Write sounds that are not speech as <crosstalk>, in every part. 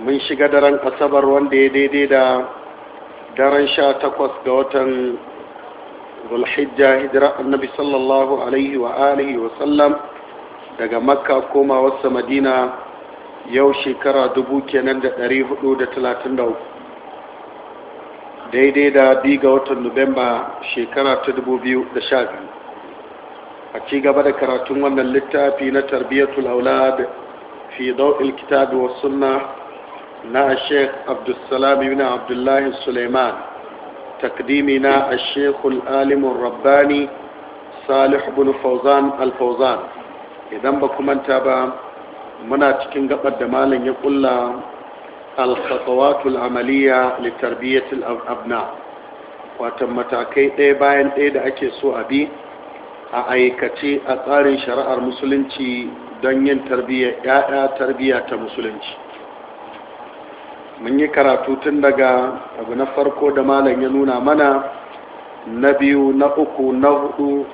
mun shiga daren asabar wanda ya daidai da daren sha takwas ga watan zulhijja hijira annabi sallallahu alaihi wa alihi wa sallam daga makka koma wasu madina yau shekara dubu kenan da ɗari hudu da talatin da uku daidai da bi ga watan nuwamba shekara ta dubu biyu da sha biyu a ci gaba da karatun wannan littafi na tarbiyyatul aulad fi dau'il kitabi wa sunna na sheikh abdulsalam ibn abdullahi suleiman takdimi na sheikhul alimun rabbani salih bin fauzan al idan ba manta ba muna cikin gabar da malam ya kulla al-khatawatul amaliya li tarbiyatil abna Wata matakai ɗaya bayan ɗaya da ake so a bi a aikace a tsarin shari'ar musulunci don yin tarbiyyar 'ya'ya tarbiyya ta musulunci mun yi karatu tun daga abu na farko da malam ya nuna mana na biyu na uku na hudu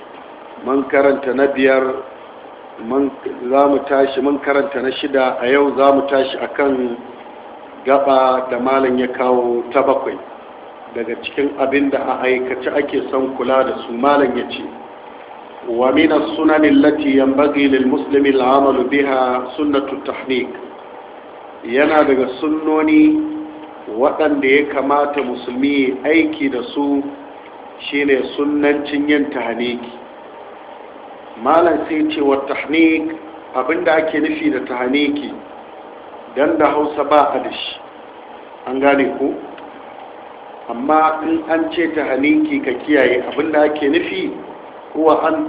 mun karanta na biyar za mu tashi mun karanta na shida a yau za mu tashi kan gaba da malam ya kawo ta bakwai daga cikin abin da a aikace ake son kula da su malam ya ce wa min sunanin lati yan bagilin musulmi muslimi biha sunnatu tahnik yana daga sunnoni waɗanda ya kamata musulmi aiki da su shine sunnancin yin tahaniki malam sai ce wa tahanik abinda ake nufi da tahaniki don da hausa ba a da shi an gane ku amma in an ce tahaniki ka kiyaye abinda ake nufi kuwa an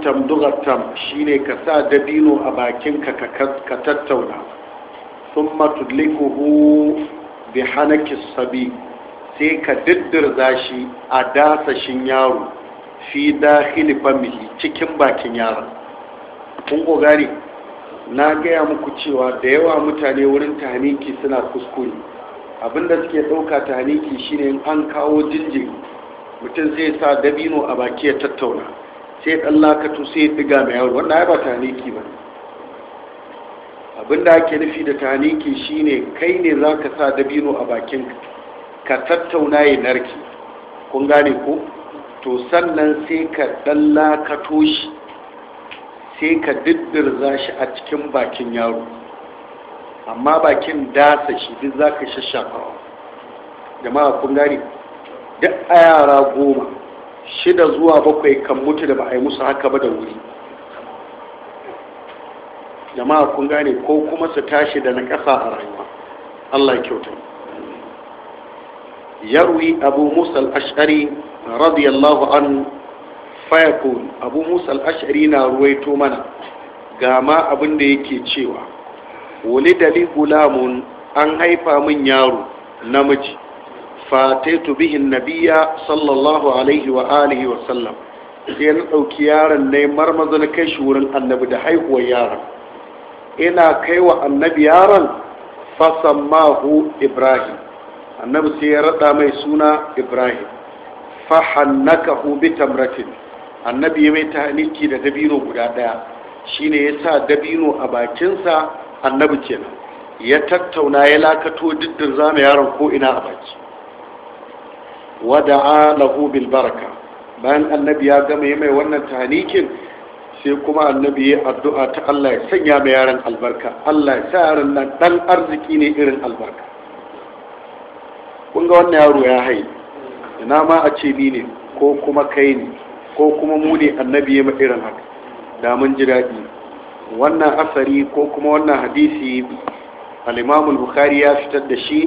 shi shine ka sa dabino a bakinka ka tattauna ثم تدلكه bi الصبي sai ka diddirza shi a dasashin yaro fi dakhili famihi cikin bakin yaron kun gogari na gaya muku cewa da yawa mutane wurin tahaniki suna kuskure abinda suke ɗauka tahaniki shine an kawo jinjiri mutum zai sa dabino a baki ya tattauna sai ɗan lakatu sai ya mai yaro wanda ya ba tahaniki ba abinda ake nufi da taniki shine kai ne za ka sa dabino a bakin ka tattauna ya narki kun gane ko to sannan sai ka ɗan ka shi sai ka diddirza shi a cikin bakin yaro amma bakin dasa shi duk za ka shashafawa jama'a kun gane duk a yara goma shida zuwa bakwai kan mutu da ba a yi musu haka ba da wuri jama'a kun gane ko kuma su tashi da na ƙasa a rayuwa Allah kyauta yarwi abu musa al radiyallahu an fayakun abu musa al-ash'ari na ruwaito mana ga ma abin da yake cewa wani dali gulamun an haifa min yaro namiji fataitu bihin nabiya sallallahu alaihi wa alihi wa sallam sai na ɗauki yaron ne marmazan kai shi wurin annabi da haihuwar yaron ina kai wa annabi yaron mahu ibrahim annabi sai ya rada mai suna ibrahim fahannakahu bi tamratin annabi ya mai tahniki da dabino guda daya shine ya sa dabino a bakinsa annabi kenan ya tattauna ya lakato diddin zama yaron ko ina a baki wada'a lahu bil baraka bayan annabi ya gama ya mai wannan tahnikin sai kuma annabi ya addu'a ta Allah ya sanya mai yaran albarka Allah ya sa yaran nan dan arziki ne irin albarka kun ga wannan yaro ya hai ina ma a ce ni ne ko kuma kai ne ko kuma mu ne annabi ya irin haka da mun ji daɗi wannan asari ko kuma wannan hadisi al-Imam al-Bukhari ya fitar da shi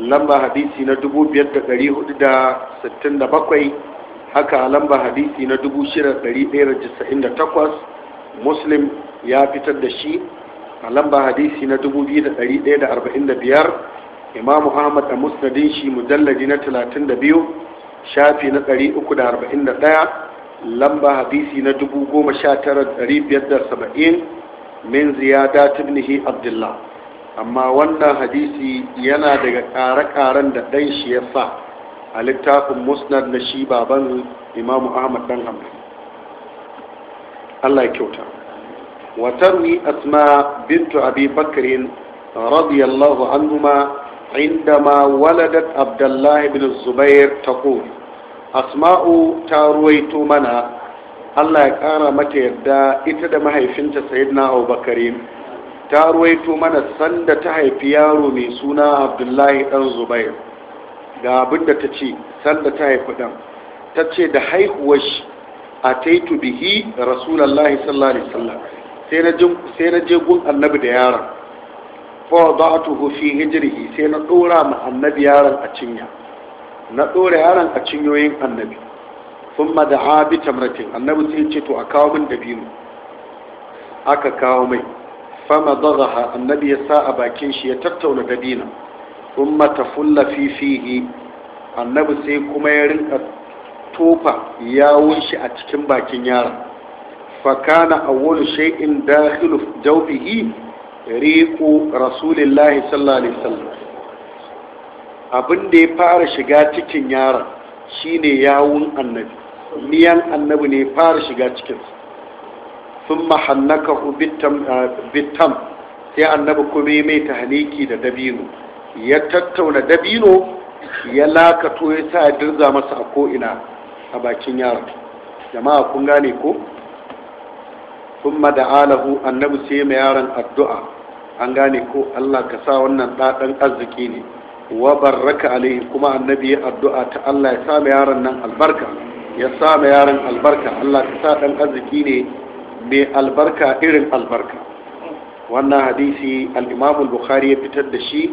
lamba hadisi na 2467 haka a lamba hadisi na 6198 muslim ya fitar da shi a lamba hadisi na 2145 imam ahmad a musnadin shi mujalladi na 32 shafi na 341 lamba hadisi na 19570 min ziyada tibnihi abdullah amma wannan hadisi yana daga ƙare-ƙaren da ɗan shi ya sa a littafin musnad na shi baban imamu ahmad dan hamdan allah ya kyauta watar ni asma bintu abi bakirin radiyallahu anhuma inda ma waladat abdullah bin zubair ta kori asma'u ta ruwaito mana allah ya kara mata yadda ita da mahaifinta sayidna abu bakirin ta ruwaito mana sanda ta haifi yaro mai suna abdullahi dan zubair ga abin da ta ce sanda ta haifi ɗan ta ce da haihuwar shi a taitu bihi rasulallah sallallahu alaihi sallam. sai na je gun annabi da yaron fa wada'atuhu fi hijrihi sai na dora ma annabi yaron a cinya na dora yaron a cinyoyin annabi thumma da'a bi tamratin annabi sai ce to a kawo min dabino aka kawo mai fama dagaha annabi ya sa a bakin shi ya tattauna dabina. Kuma ta matafulla fifihi annabi sai kuma ya rinka tofa yawun shi a cikin bakin yaron fakana wani shay'in dakhilu jawfihi riqu rasulillahi sallallahu alaihi wasallam abin da ya fara shiga cikin yara shine yawun annabi miyan annabi ne fara shiga cikin sun mahannaka bitam ah, sai annabi kuma ya mai tahniki da dabino ya tattauna dabino ya lakato ya sa dirza masa a ko'ina a bakin yaron jama'a kun gane ko sun alahu annabi sai mai yaron addu'a an gane ko allah ka sa wannan ɗaɗan arziki ne wa barraka alaihi kuma annabi ya addu'a ta allah ya sa mai yaron nan albarka ya sa mai yaron albarka allah ka sa ɗan arziki ne mai albarka irin albarka wannan hadisi al-imamul bukhari ya fitar da shi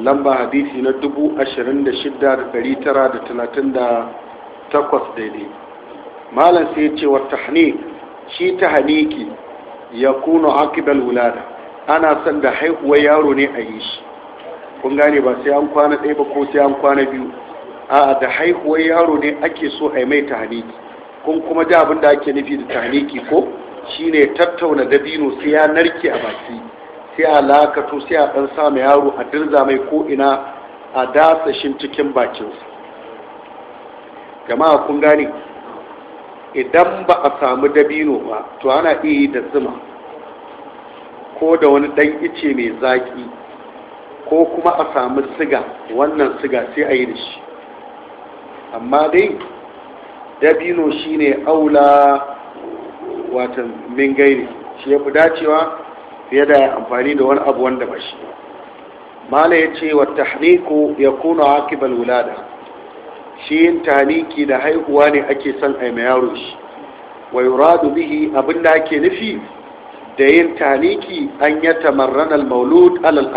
lamba hadisi na dubu ashirin da shida da dari tara da talatin da takwas daidai malam sai ce wa tahnik shi ta haniki ya kuno akibal wulada ana son da haihuwa yaro ne a yi shi kun gane ba sai an kwana ɗaya ba ko sai an kwana biyu a da haihuwar yaro ne ake so a mai haniki kun kuma da abin da ake nufi da haniki ko shine tattauna dabino sai ya narke a baki sai a lakato sai a ɗan sami yaro a dirza mai ko'ina a dasa shi cikin bakinsa jama'a kun gane idan ba a samu dabino ba to ana iya da zuma ko da wani ɗan ice mai zaƙi ko kuma a samu siga wannan siga sai a yi da shi amma dai dabino shine aula watan mingairi shi ya fi dacewa fiye da amfani da wani abu wanda ba shi mala ya ce wa tahniku ya kuna akibal wulada shi yin tahniki da haihuwa ne ake son a mai yaro shi wa radu bihi abin da ake nufi da yin tahniki an yi tamarran al-maulud alal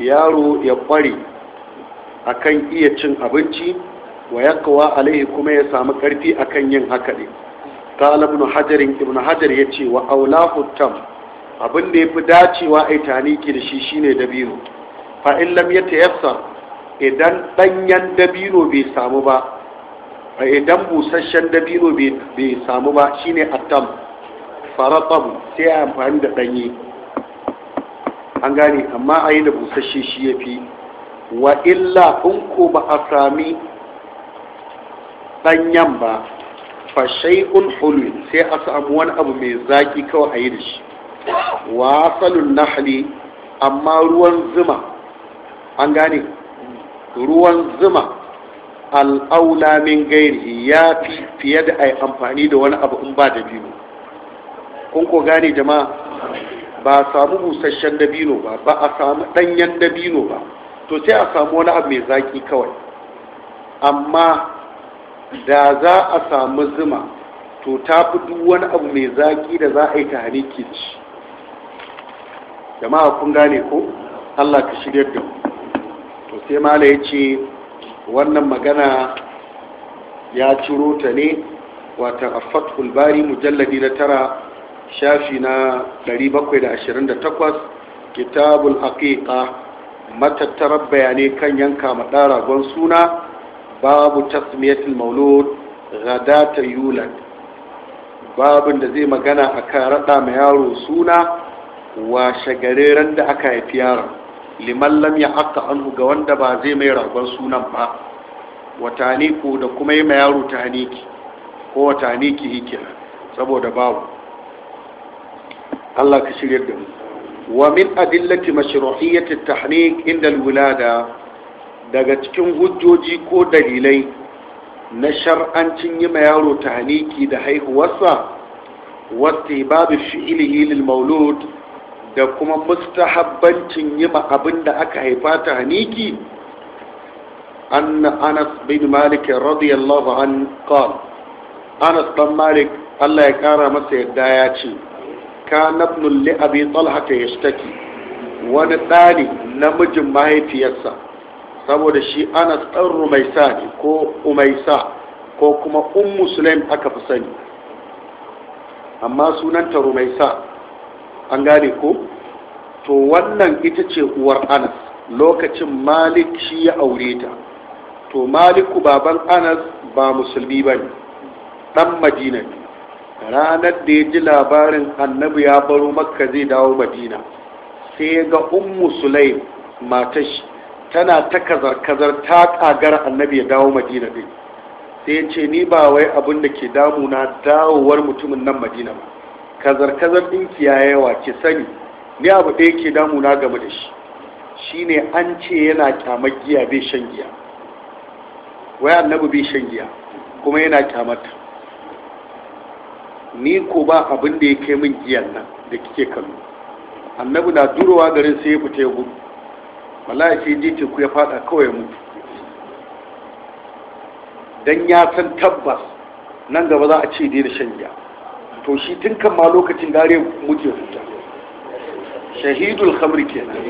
yaro ya kware akan iya cin abinci wa kawa alaihi kuma ya samu karfi akan yin haka ne ta ibn hajar ibn hajar yace wa aulahu tam abin da ya fi dacewa a taniki da shi shine dabino fa in ta yatayassar idan ɗanyen dabino bai samu ba idan busasshen dabino bai samu ba shine attam faratab sai a amfani da ɗanyi an gane amma a yi da busasshe shi ya fi wa illa in ko ba a sami ɗanyen ba fashe shay'un sai a samu wani abu mai zaki kawai a yi da shi wa asalun nahali amma ruwan zuma an gane ruwan zuma al'aula min gairi ya fi fiye da ai amfani da wani abu in ba dabino kun ko gane jama'a ba a samu busasshen dabino ba ba a samu ɗanyen dabino ba to sai a samu wani abu mai zaki kawai amma da za a samu zuma to ta fi duk wani abu mai zaki da za a yi ta haniki da jama'a kun gane ko Allah ka shigar da to sai mala ya ce wannan magana ya ciro ta ne wata afatul bari mujalladi na tara shafi na 728 kitabul aqiqa matattarar bayanai kan yanka maɗa ragon suna babu tasmiyatul maulud gadata yulad babin da zai magana a kan raɗa ma yaro suna washe garin da aka haifi yaron liman lam ya haka anhu ga wanda ba zai mai ragon sunan ba wata ko da kuma yi ma yaro ta haniki ko wata haniki hikira saboda babu Allah ka shirya da mu wa min adillati mashru'iyyati tahnik inda alwilada daga cikin hujjoji ko dalilai na shar'ancin yi ma yaro ta haniki da haihuwarsa wasu babu fi'ilihi lil maulud da kuma mustahabbancin yi ma abin da aka haifa ta haniki an anas bin malik radiyallahu an qal anas bin malik Allah ya kara masa yadda ya ce ka nabnul li abi talha ta yashtaki wani ɗani namijin mahaifiyarsa saboda shi anas ɗan rumaisa ne ko umaisa ko kuma ummu sulaim aka fi sani amma sunanta rumaisa an gane ko to wannan ita ce uwar anas lokacin malik shi ya aure ta to maliku baban anas ba musulmi ba ne ɗan madina ne ranar da ya ji labarin annabi ya baro makka zai dawo madina sai ga ummu sulaim shi tana ta kazar-kazar ta kagar annabi ya dawo madina din sai ya ce ni ba wai abin da ke damuna dawowar mutumin nan madina ba kazar-kazar ɗinki ya yawa ki sani ni abu ɗaya ke damuna game da shi shine an ce yana kyamar giya bai shan giya wai annabi bai shan giya kuma yana kyamarta ni ko ba abin da ya kai min giyan nan da kike kallo annabi na durowa garin sai ya fita ya gudu wallahi sai ji teku ya fada kawai mutu dan ya san tabbas nan gaba za a ce dai da shan giya to shi tun kan ma lokacin gare muke huta shahidul khamri kenan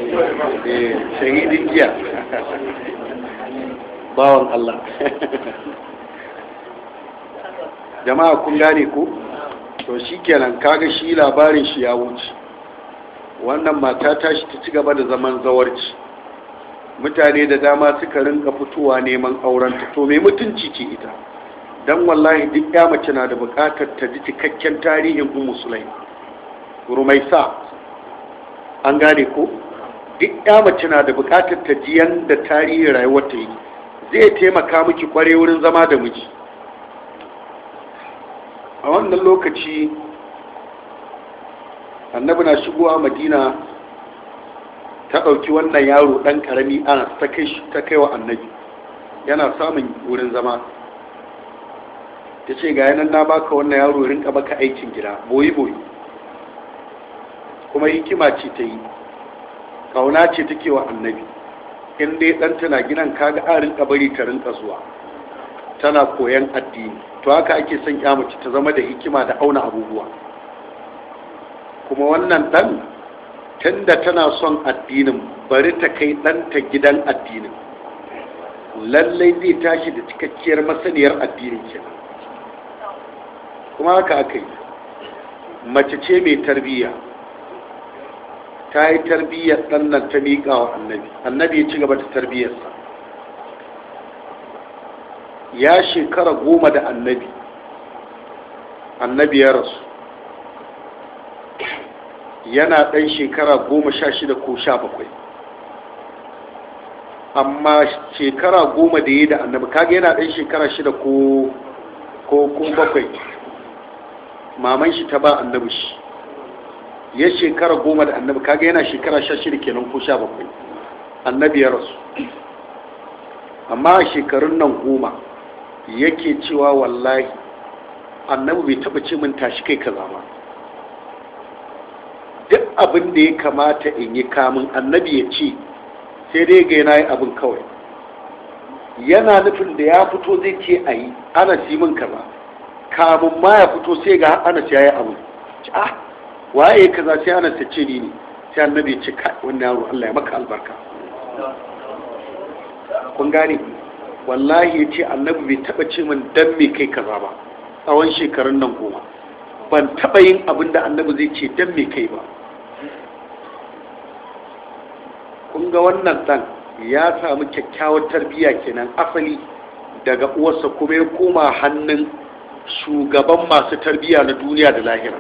eh shahidin giya <laughs> bawon Allah <laughs> jama'a kun gane ko to shikenan kaga shi labarin shi ya wuce wannan mata ta shi ta ci gaba da zaman zawarci mutane da dama suka rinka fitowa neman aurenta to mai mutunci ce ita dan wallahi duk ya mace na da bukatar ta ji cikakken tarihin ummu sulaim rumaisa an gane ko duk ya mace na da bukatar ta ji yanda tarihin rayuwar ta yi zai taimaka miki kware wurin zama da miji a wannan lokaci annabi na shigowa madina ta ɗauki wannan yaro ɗan ƙarami ana ta kai wa annabi yana samun wurin zama ta ce ga yanan na baka wannan yaro rinka maka aikin gida boyi boyi kuma hikima ce ta yi kauna ce take wa annabi in dai dan na gidan kaga a rinka bari ta rinka zuwa tana koyan addini to haka ake son ya mace ta zama da hikima da auna abubuwa kuma wannan dan tunda tana son addinin bari ta kai ɗanta gidan addinin lallai zai tashi da cikakkiyar masaniyar addinin kenan kuma haka aka yi mace ce mai tarbiyya ta yi tarbiyyar ɗannan ta miƙa wa annabi annabi ya ci gaba da tarbiyyarsa ya shekara goma da annabi annabi ya rasu yana ɗan shekara goma sha shida ko sha bakwai amma shekara goma da ya da annabi kaga yana ɗan shekara shida ko bakwai maman shi ta ba annabi shi ya shekara goma da annabi kaga yana shekara sha shida kenan ko sha bakwai annabi ya rasu amma a shekarun nan goma yake cewa wallahi annabi bai taba ce min tashi kai kaza ma duk abin da ya kamata in yi kamun annabi ya ce sai dai ga yana yi abin kawai yana nufin da ya fito zai ce a yi ana simin kaza kamun ma ya fito sai ga anas ya yi abu ah waye kaza sai anas ta ce ni ne sai annabi ya ce kai wannan yaro Allah ya maka albarka kun gane wallahi ya ce annabi bai taba ce min dan me kai kaza ba tsawon shekarun nan goma ban taba yin abin da annabi zai ce dan me kai ba kun ga wannan dan ya samu kyakkyawar tarbiyya kenan asali daga uwarsa kuma ya koma hannun shugaban masu tarbiyya na duniya da lahira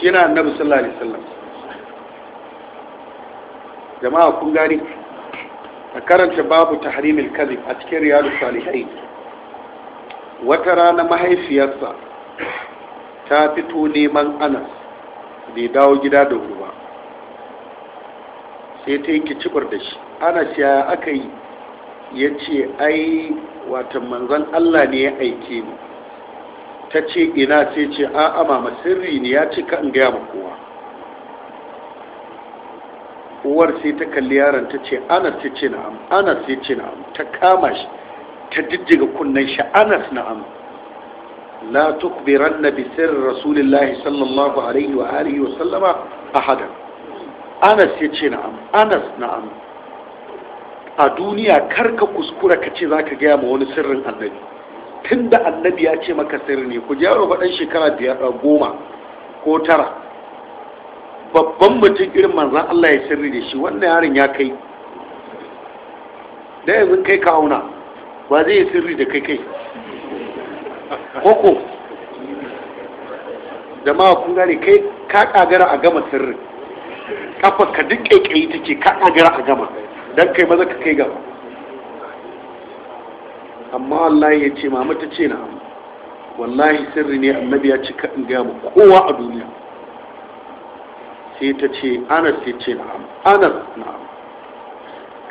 shi yana annabi sallallahu alaihi wasallam jama'a kun gani a karanta babu tahrimil kadhib a cikin riyadu salihai wata rana mahaifiyarsa ta fito neman anas bai dawo gida da ruwa sai ta yi kicibar da shi anas ya aka yi ya ce ai wata manzon allah ne ya aike ni ta ce ina sai ce a amama sirri ne ya cika in gaya ma kowa uwar sai ta kalli yaron ta ce anas sai ce na'am anas sai ce na'am ta kama shi ta diddiga kunnen shi anas na'am la na bi sirri rasulillahi sallallahu alaihi wa alihi wa sallama ahadan anas ya ce na'am anas na'am a duniya karka kuskura ka ce za ka gaya ma wani sirrin annabi tun da annabi ya ce maka sirri ne ku yaro ba dan shekara biyar goma ko tara babban mutum irin manzan Allah ya sirri da shi wannan yaron ya kai da yanzu kai ka auna ba zai yi sirri da kai kai koko da ma kun gane kai ka kagara a gama sirri kafa ka duk kai take ka kagara a gama dan kai maza ka kai gaba amma wallahi ya ce mama ta ce na wallahi sirri ne annabi ya cika in gaya ma kowa a duniya sai ta ce anas sai ce na'am anas amma.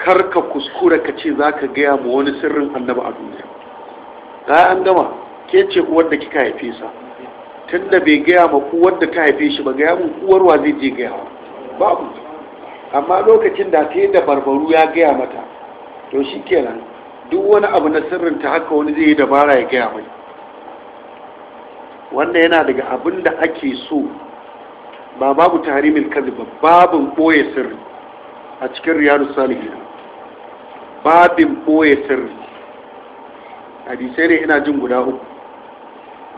kar ka kuskura ka ce za ka gaya ma wani sirrin annabi a duniya ya an gama ke ce uwar da kika haife sa tun da bai gaya ma uwar da ka haife shi ba gaya mu uwar wa zai je gaya babu amma lokacin da ta yi da barbaru ya gaya mata to shi kenan duk wani abu na sirrin ta haka wani zai yi dabara ya gaya mai wannan yana daga abin da ake so ba babu tarimin kazi ba babin ɓoye sirri a cikin riyar salihin babin ɓoye sirri hadisai ne ina jin guda uku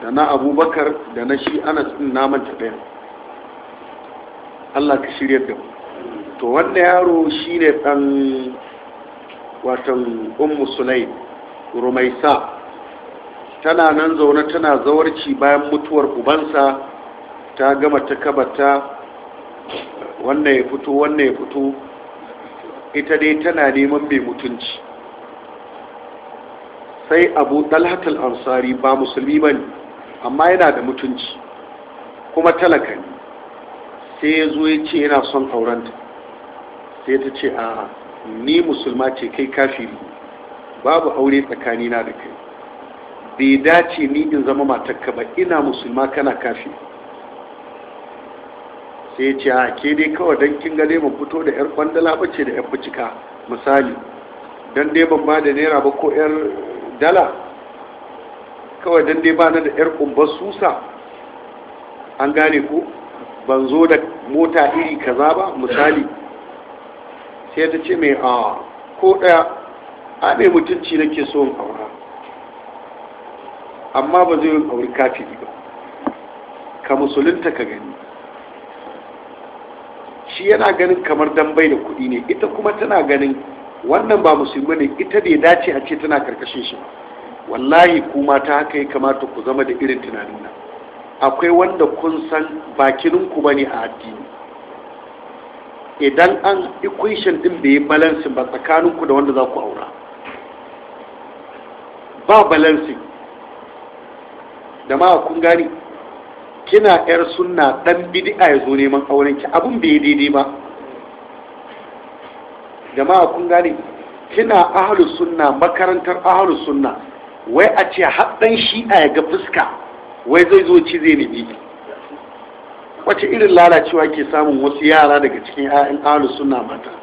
da na abubakar da na shi ana naman ta ɗaya allah ka shirya da to wannan yaro shi ne ɗan watan ummu sunai rumaisa tana nan zaune tana zawarci bayan mutuwar ubansa ta gama ta kabata wannan ya fito wannan ya fito ita dai tana neman mai mutunci sai abu dalhatul ansari ba musulmi ba ne amma yana da mutunci kuma talaka ne sai ya zo ya ce yana son aurenta sai ta ce a'a ni musulma ce kai kafiri babu aure tsakani na da kai bai dace ni in zama matarka ba ina musulma kana kafiri sai ya ce a ke dai kawai don kin gane fito da 'yar kwandala bace da 'yar fucika misali don dai ban ba da naira ba ko 'yar dala kawai don dai ba na da 'yar kumbar susa an gane ko ban zo da mota iri kaza ba misali sai ta ce mai a ko ɗaya a ne mutunci nake so aura amma ba zai yi auri kafi ba ka musulunta ka gani shi yana ganin kamar dan bai da kuɗi ne ita kuma tana ganin wannan ba musulmi ne ita da ya dace a ce tana karkashin shi wallahi kuma ta haka ya kamata ku zama da irin tunanin nan akwai wanda kun san bakinin ku bane a addini idan an equation din bai yi balancing ba tsakaninku da wanda za ku aura ba balancing da ma kun gani kina yar sunna dan bid'a ya zo neman auren ki abun bai daidai ba jama'a kun gane kina ahlu sunna makarantar ahlu sunna wai a ce haddan shi'a ya ga fuska wai zai zo ci zai nemi wace irin lalacewa ke samun wasu yara daga cikin 'ya'yan ahlus sunna mata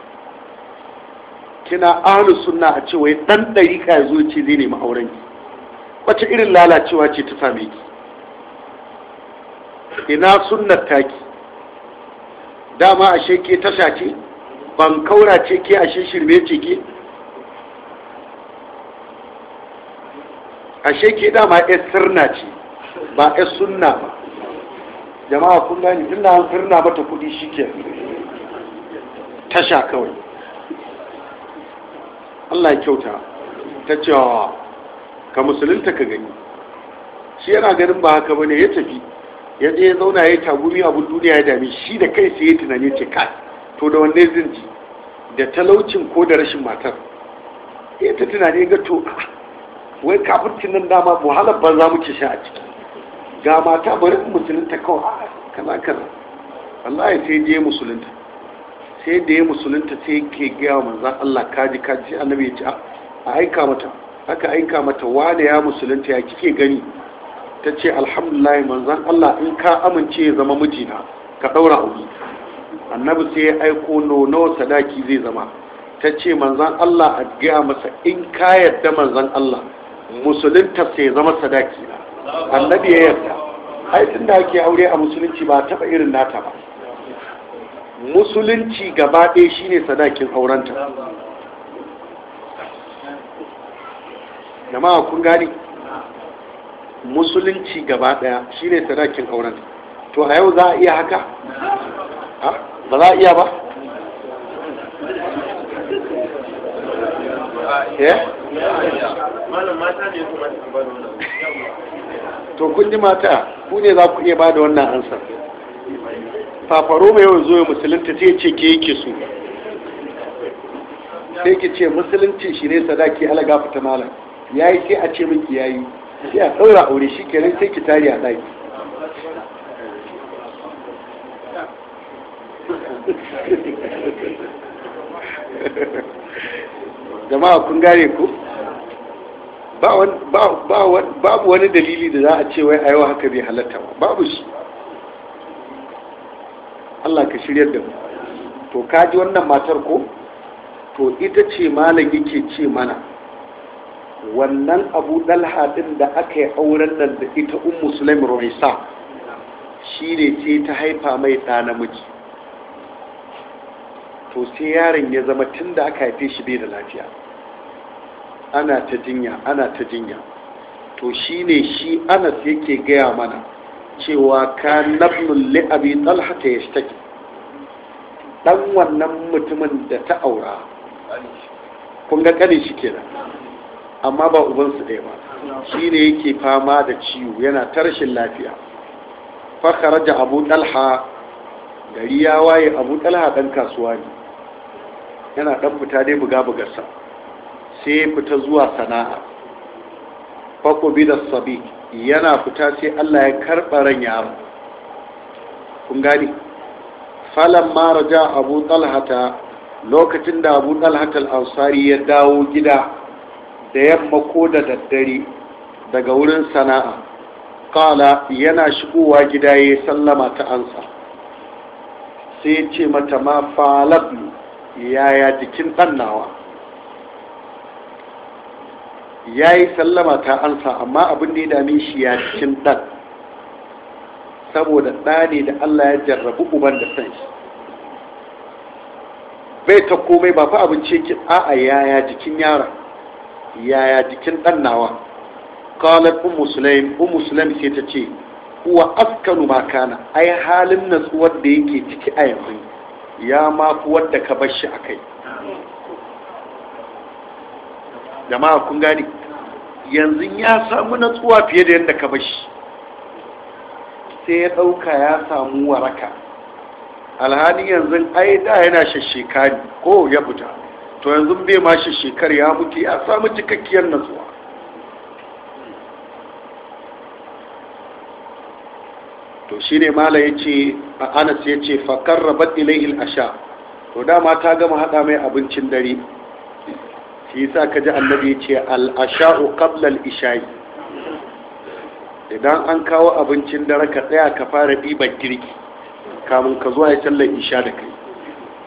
kina ahlus sunna a cewa dan ɗarika ya zo ce zai nemi auren ki wace irin lalacewa ce ta same ki ina sunnar taki dama ashe ke tasha ce ban kaura ce ke ashe shirme ce ke ashe ke dama 'yar sirna ce ba 'yar sunna ba jama'a kun gani inda an firna mata kudi shike tasha kawai Allah ya kyauta ta cewa ka musulunta ka gani shi yana ganin ba haka bane ya tafi ya je ya zauna ya tagumi abin duniya ya dami shi da kai sai ya tunani ce ka to da wanne zan ji da talaucin ko da rashin matar ya ta tunani ga to wai kafin nan dama wahalar mu muke sha a ciki ga mata bari musulunta kawai kaza kaza ya sai je musulunta sai da ya musulunta sai ke gaya manzan Allah kaji kaji annabi ya ce a aika mata aka aika mata wane ya musulunta ya kike gani ta ce alhamdulillah manzan Allah in ka amince ya zama mijina ka ɗaura abu annabi sai ya aiko nono sadaki zai zama ta ce manzan Allah a gaya masa in ka yarda manzan Allah musulunta sai ya zama sadaki na annabi ya yarda ai tun da ake aure a musulunci ba taba irin nata ba musulunci gaba ɗaya shine sadakin aurenta jama'a kun gani musulunci gaba ɗaya shine sadakin aurenta to a yau za a iya haka ba za a iya ba eh to kun ji mata ku ne za ku iya ba da wannan ansa fafaro mai yawan zoye musulunta sai ce ke yake so sai ki ce musulunci shi ne sadaki ala ta malam yayi sai a ce miki yayi sai a tsaura aure shi kenan sai ki tari a ɗaki <laughs> jama'a kun gare ku babu wani dalili da za a ce wai a haka bai halatta ba babu shi Allah ka shiryar da mu to kaji wannan matar ko to ita ce malam yake ce mana wannan abu dalha din da aka yi auren nan da ita un musulmi roisa shi ne ce ta haifa mai ɗa namiji to sai yaron ya zama tun da aka haife shi bai da lafiya ana ta jinya ana ta jinya to shine shi anas yake gaya mana cewa ka nabnun li'abi talha ta ya shi dan wannan mutumin da ta aura kun ga kane shi kenan amma ba ubansu ɗaya ba shi ne yake fama da ciwo yana ta rashin lafiya fakara da abu talha gari ya waye abu talha ɗan kasuwa ne yana ɗan fita dai buga bugarsa sai ya fita zuwa sana'a faƙobi da sabi yana fita sai allah ya karɓa ran yaro kun gani mara ja abu talhata lokacin da abu talhata al'ansari ya dawo gida da yamma ko da daddare daga wurin sana'a kala yana shigowa gida ya sallama ta ansa sai ce mata ma falabu yaya jikin ɗannawa ya yi sallama ta ansa amma abin da ya dame shi ya cikin ɗan saboda ɗa ne da allah ya jarrabu uban da san shi bai ta komai ba fa abinci yake a'a yaya jikin yara yaya jikin ɗan nawa qalat ummu sulaim ummu sulaim sai ta ce kuwa askanu ma kana ai halin natsuwar da yake ciki a yanzu ya ma fi wadda ka bar shi a kai. jama'a kun gani yanzu ya samu natsuwa fiye da yadda ka bashi sai ya ɗauka ya samu waraka alhali yanzu ai da yana shasheka ne ko ya fita to yanzu bai ma shashekar ya mutu ya samu cikakkiyar natsuwa to shi ne mala ya ce a anas ya ce fakar rabat ilayhil asha to dama ta gama haɗa mai abincin dare shi yasa ka ji annabi ce al-asha'u qabla al-isha'i idan an kawo abincin dare ka tsaya ka fara ɗiban kirki kamun ka zuwa ya sallar isha da kai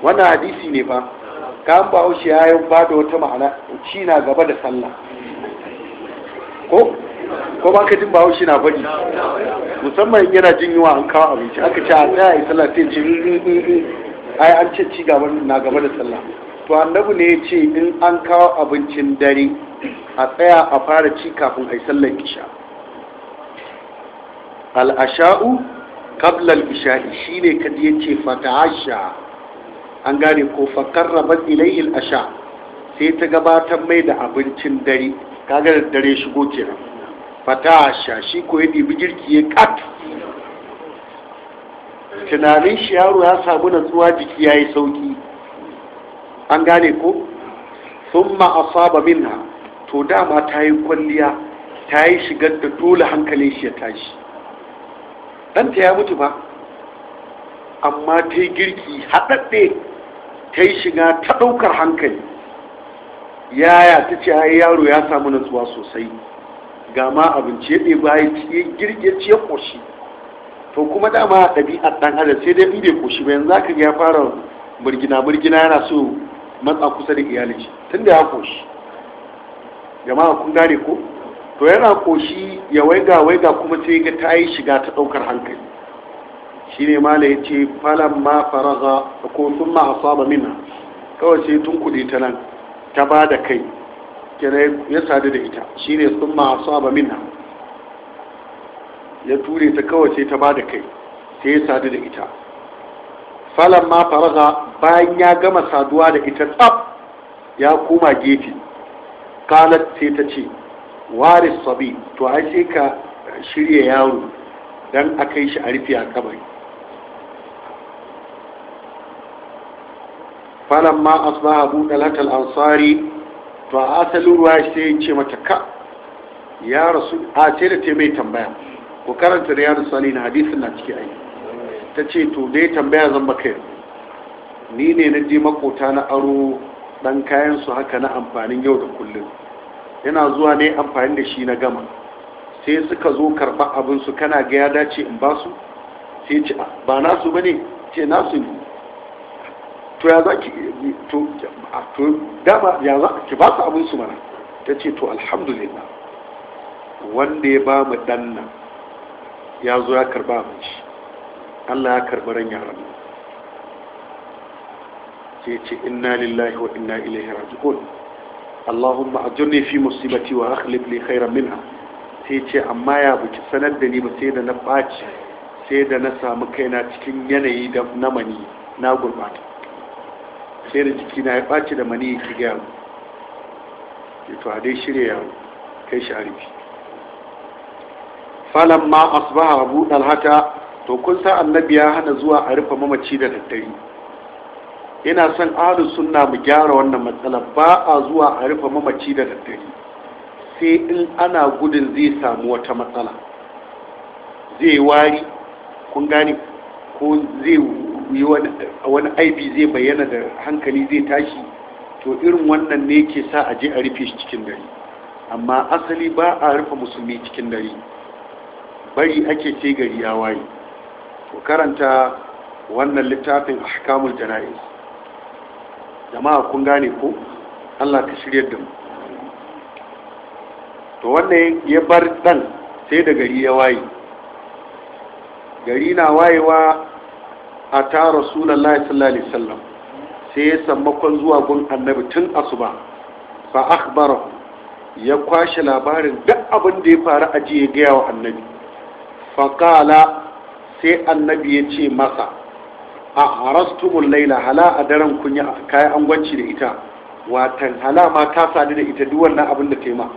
wannan hadisi ne ba kan ba haushe ya yi ba da wata ma'ana ci na gaba da sallah ko ko ba ka jin ba haushe na bari? musamman yana jin yiwa an kawo abinci aka ce a tsaya ya sallah sai ce mm, mm, mm, ai an ce ci gaba na gaba da sallah to annabi ne ya ce in an kawo abincin dare a tsaya a fara ci kafin a yi sallar isha al'asha'u kablal isha'i shi ne yace ya ce fata'asha an gane ko fakarrabar ilayil asha sai ta gabatar mai da abincin dare kaga da dare shigo kenan fata'asha shi ko ya ɗibi ya kat tunanin shi yaro ya samu natsuwa jiki ya yi sauki an gane ko summa asaba minha to dama ta yi kwalliya tayi yi shigar da dole hankali shi ya tashi ɗanta ya mutu ba amma ta yi girki haɗaɗɗe ta yi shiga ta ɗaukar hankali yaya ta ce ai yaro ya samu natsuwa sosai ga ma abinci ya ɗeba ya girke ce ƙoshi to kuma dama ɗabi'ar ɗan adam sai dai in bai ƙoshi ba yanzu ka ga ya fara murgina murgina yana so matsa kusa da iyalici shi da ya koshi jama'a kun gane ko to yana koshi ya waiga waiga kuma sai ga ta yi shiga ta ɗaukar hankali ne ma ya ce falon ma faraga ko sun ma asaba mina kawai sai tun kuɗi ta nan ta ba da kai kira ya sadu da ita Shi ne sun ma asaba mina ya ture ta kawai sai ta ba da kai sai ya sadu da ita ma faraza, bayan ya gama saduwa da ita tsab ya koma gefe kalat sai ta ce waris sabi to ai sai ka shirya yaro don a kai shi a rufe a kabari falamma asbaha buɗe latal ansari to a asalin ruwa sai ya ce mata ka ya rasu a sai da ta mai tambaya ku karanta da ya rasu na hadisin na ciki aiki ta ce to dai tambaya zan baka yau ni ne na je makota na aro dan kayan su haka na amfanin yau da kullum yana zuwa ne amfani da shi na gama sai suka zo karɓa abin su kana ga ya dace in ba su sai ce ba na su bane ce su ne to ya za ki to to ba ya za ki ba su abin su mana ta ce to alhamdulillah wanda ya ba mu dan nan ya zo ya karba shi. Allah ya karɓi ran yaran sai ce inna lillahi wa inna ilaihi raji'un Allahumma ajurni fi musibati wa akhlif li khairan minha sai ce amma ya buki sanar da ni ba sai da na ɓaci sai da na samu kaina cikin yanayi da na mani na gurbata sai da na ya ɓaci da mani ki ga mu to a dai shirya ya kai shi a rufi falamma asbaha abu dalhaka to kun san annabi ya hana zuwa a rufe mamaci da daddare ina son ahlus sunna mu gyara wannan matsala ba a zuwa a rufe mamaci da daddare sai in ana gudun zai samu wata matsala zai wari kun gane ko zai yi wani aibi zai bayyana da hankali zai tashi to irin wannan ne ke sa a je a rufe shi cikin dare amma asali ba a rufe musulmi cikin dare bari ake ce gari ya waye ku karanta wannan littafin ahkamul jana'iz jama'a kun gane ko Allah ka shirya da mu to wannan ya bar dan sai da gari ya waye gari na wayewa a ta rasulullahi sallallahu alaihi wasallam sai ya sammakon zuwa gun annabi tun asuba fa akhbara ya kwashe labarin duk abin da ya faru a jiya gaya wa annabi fa qala sai annabi ya ce masa a harastumul laila hala a daren kunya kayan angwanci da ita watan hala ma ta sadu da ita duk wannan abin da ta yi ma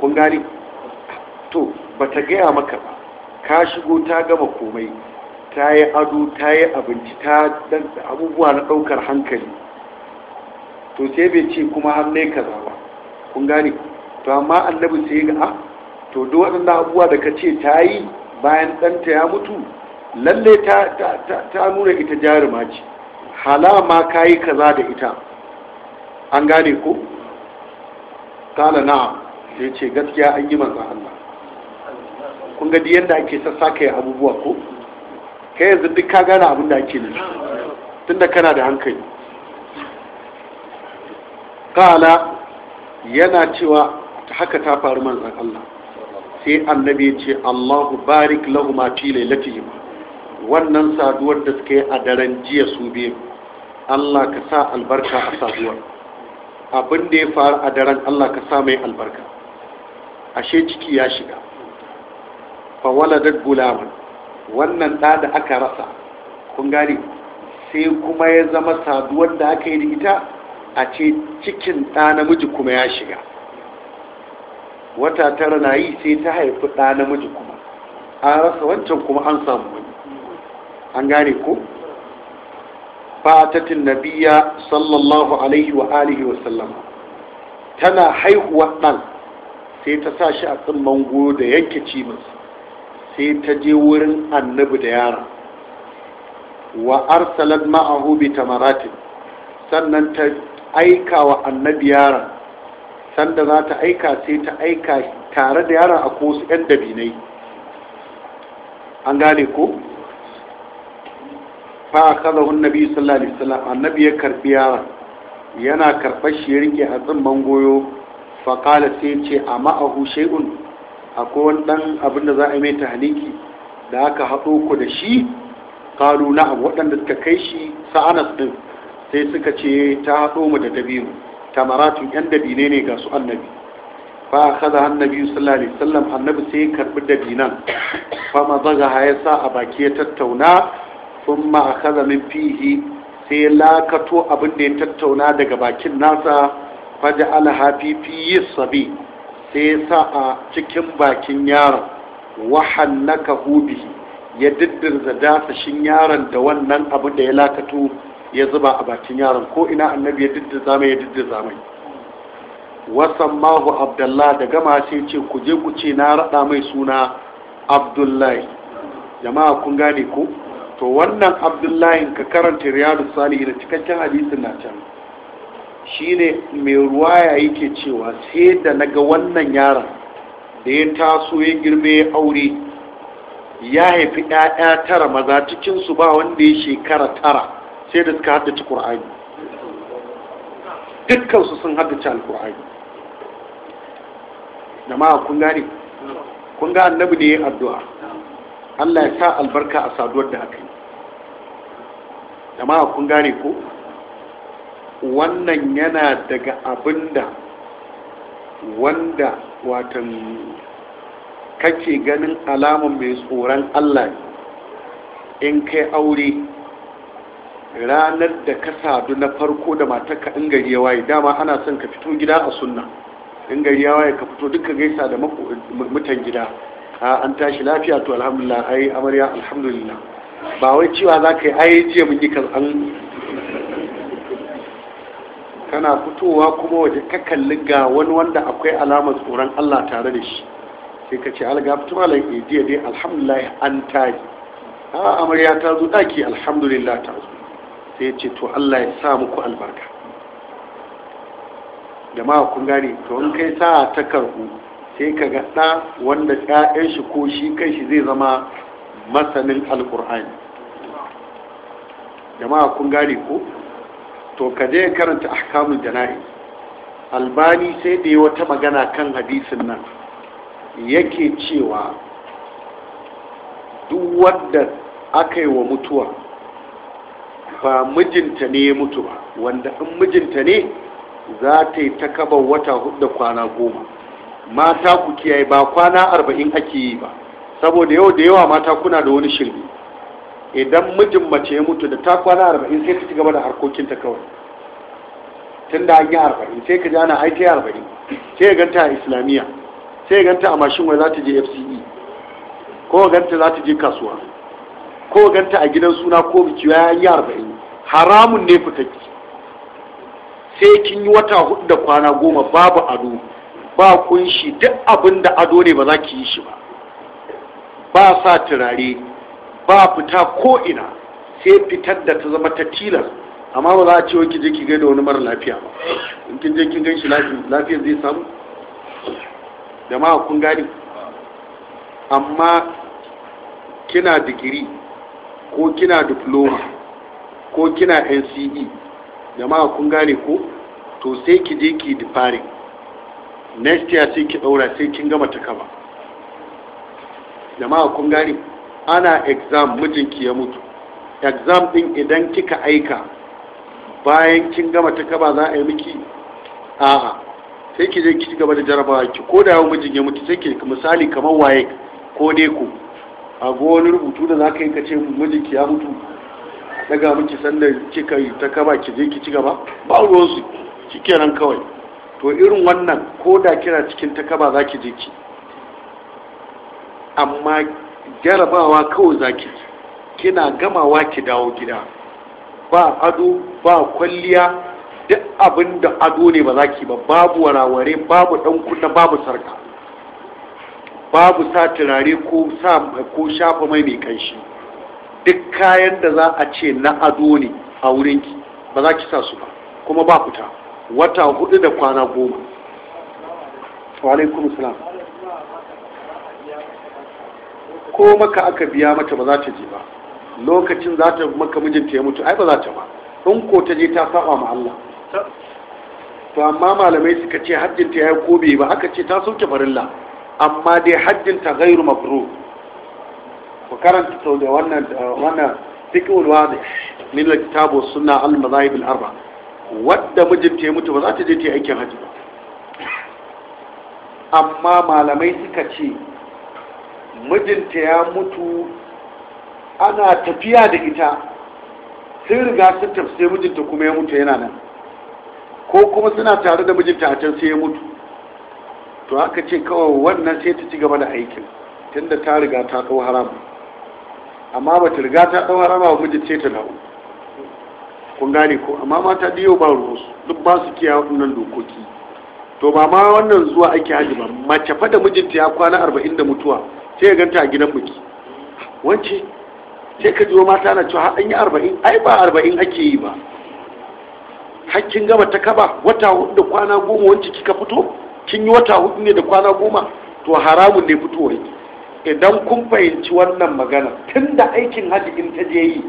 kun gani to ba ta gaya maka ba ka shigo ta gama komai ta yi ado ta yi abinci ta dan abubuwa na ɗaukar hankali to sai bai ce kuma har ne kaza ba kun gani to amma annabi sai ga a to duk waɗannan abubuwa da ka ce ta yi bayan ɗanta ya mutu lalle ta nuna ita jaruma ce ma ka yi kaza da ita an gane ko? kala na ya ce gaskiya an yi manzan Allah kun gadi yadda ake sassa ka yi abubuwa ko? ka yanzu duk ka gane abin da ake nufi tun da kana da hankali kala yana cewa haka ta faru manzan Allah sai annabi ce Allahu barik ma fi lailatihim wannan saduwar da suka yi a daren jiya su biyu Allah ka sa albarka a saduwar abin da ya faru a daren Allah ka sa mai albarka ashe ciki ya shiga Fa waladat gulamun wannan ɗa da aka rasa kun gane sai kuma ya zama saduwar da aka yi da ita a ce cikin ɗa namiji kuma ya shiga wata tara na yi sai ta haifi ɗa namiji kuma an rasa wancan kuma an samu wani an gane ko fatatin nabiya sallallahu alaihi wa alihi wa sallama tana haihuwa ɗan sai ta sa shi a tsimman goro da yanke cimansa sai ta je wurin annabi da yara wa arsalat ma'ahu bi tamaratin sannan ta aika wa annabi yaran sanda za ta aika sai ta aika tare da yaran a kosu 'yan dabinai an gane ko fa a nabi sallallahu alaihi wasallam annabi ya karbi yaran yana karɓar shi ya rike a tsimman goyo kala sai ya ce a ma'ahu shai'un akwai wani ɗan abin da za a yi mai tahaliki da aka haɗo ku da shi kalu na abu waɗanda suka kai shi sa'anas ɗin sai suka ce ta haɗo mu da dabiru tamaratun yan dabine ne ga su annabi fa kaza annabi sallallahu alaihi wasallam annabi sai ya karbi dabinan fa mazaga ya sa a baki ya tattauna thumma akhadha min fihi sai lakato abin da ya tattauna daga bakin nasa faja alhafi fiye sabi sai sa a cikin bakin yaron wahannaka hubi ya diddirza dasashin yaron da wannan abu da ya lakato ya zuba a bakin yaron ko ina annabi ya didda zamai ya didda zamai. wasan mahu abdullah da gama sai ce ku je ku ce na raɗa mai suna abdullahi jama'a kun gane ko to wannan abdullahi ka karanta riyadu salihin da cikakken hadisin na can shine mai ruwaya yake cewa sai da na ga wannan yaron da ya taso ya girme ya aure ya haifi 'ya'ya tara maza cikinsu ba wanda ya shekara tara sai da suka haddace ƙur'ani dukkansu sun haddace alƙur'ani jama'a kun gane kun ga annabi da ya addu'a Allah ya sa albarka a saduwar da aka yi jama'a kun gane ko wannan yana daga abinda wanda watan kake ganin alamun mai tsoron Allah in kai aure ranar da ka sadu na farko da matar ka in gari ya waye dama ana son ka fito gida a sunna in gari ya waye ka fito duka gaisa da mutan gida an tashi lafiya to alhamdulillah ai amarya alhamdulillah ba wai cewa za ka yi ai jiya mun yi kan an kana fitowa kuma waje ka kalli ga wani wanda akwai alamar tsoron Allah tare da shi sai ka ce fito malam idiya dai alhamdulillah an tari, a amarya ta zo daki alhamdulillah ta zo sai ce to Allah ya sa muku albarka jama'a kun gane to in kai sa ta karbu sai ka ga da wanda ƴaƴan shi ko shi kai shi zai zama masanin alƙur'ani jama'a kun gane ko to ka je karanta ahkamul jana'i albani sai da ya wata magana kan hadisin nan yake cewa duk wanda aka wa mutuwa ba mijinta ne ya mutu ba wanda in mijinta ne za ta yi ta kaba wata hudu da kwana goma mata ku kiyaye ba kwana arba'in ake yi ba saboda yau da yawa mata kuna da wani shirme idan mijin mace ya mutu da ta kwana arba'in sai ta ci gaba da harkokinta kawai tun da an yi arba'in sai ka ji ana aiki arba'in sai ya ganta a islamiyya sai ya ganta a mashin wai za ta je fce ko ganta za ta je kasuwa ko ganta a gidan suna ko biki ya yi arba'in haramun ne ku fitaki sai kin yi wata hudu da kwana goma babu ado ba kunshi duk abin da ado ne ba za ki yi shi ba ba sa turare ba fita ko'ina sai fitar da ta zama ta tilas amma ba za a ce ki ki gaida wani mara lafiya ba in kin je kin gan shi lafiya zai samu da ma kun gani amma kina digiri ko kina diploma ko kina nce jama'a kun gane ko to sai ki je ki difarin next year sai ki daura sai kin gama ta kaba jama'a kun gane ana exam mijinki ya mutu exam din idan kika aika bayan kin gama ta kaba za a yi miki a'a sai ki je ki gaba da jarabawa ki ko da mijin ya mutu sai ki misali kamar waye ko dai ku a wani rubutu da za ka yi ka ce mijinki ya mutu ga miki sanda kika yi ta kaba ki je ki ci gaba ba ruwansu shikenan kawai to irin wannan ko da kina cikin ta kaba za ki je ki amma jarabawa kawai za ki kina gamawa ki dawo gida ba ado ba kwalliya duk abin da ado ne ba za ki ba babu waraware babu dan kunna babu sarka babu sa turare ko sa ko shafa mai mai kanshi duk kayan da za a ce na ado ne a wurinki ba za ki sa su ba kuma ba fita wata hudu da kwana goma alaikum salam ko maka aka biya mata ba za ta je ba lokacin za ta maka mijinta ya mutu ai ba za ta ba in ko ta je ta saba ma Allah to amma malamai suka ce hajjinta ya kobe ba aka ce ta sauke farilla amma dai hajjinta gairu mabrur ku karanta sau da wannan wannan fiqhul wadih min kitabu sunna al mazahib al arba wadda mijinta ya mutu ba za ta je ta yi aikin hajji ba amma malamai suka ce mijinta ya mutu ana tafiya da ita sun riga sun tafsir mijinta kuma ya mutu yana nan ko kuma suna tare da mijinta a can sai ya mutu to haka ce kawai wannan sai ta ci gaba da aikin tunda ta riga ta ɗau haramun amma ba ta riga ta ɗau harama wa mijin ce ta na kun gane ko amma mata biyo yau ba ruwansu duk ba su kiyaye waɗannan dokoki to ba ma wannan zuwa ake haji ba mace fa da mijinta ya kwana arba'in da mutuwa sai ya ganta a gidan biki wance sai ka jiwo mata na cewa an yi arba'in ai ba arba'in ake yi ba hakkin gaba ta kaba wata hudu da kwana goma wance kika fito kin yi wata hudu ne da kwana goma to haramun ne fitowar ki idan kun fahimci wannan magana tun da aikin haji in ta je yi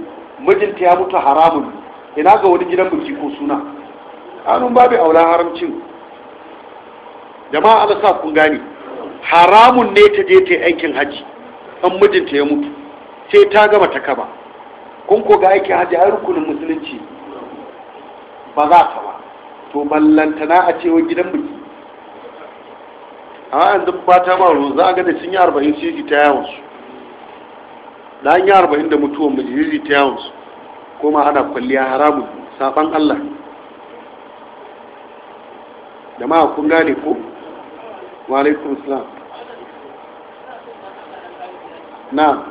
mijinta ya mutu haramun ina ga wani gidan biki ko suna Kanun babu aula haramcin jama'a Allah sa kun gane haramun ne ta je ta aikin haji an mijinta ya mutu sai ta gama ta kaba kun ko ga aikin haji ai rukunin musulunci ba za ta ba to ballantana a cewa gidan biki a yanzu fata ma ruwa za a ga da sun yi arba'in su ta yawon su da an yi arba'in da mutuwan miji ta yawon su kuma ana kwalliya haramun saban allah da ma kun gane ko wa alaikum na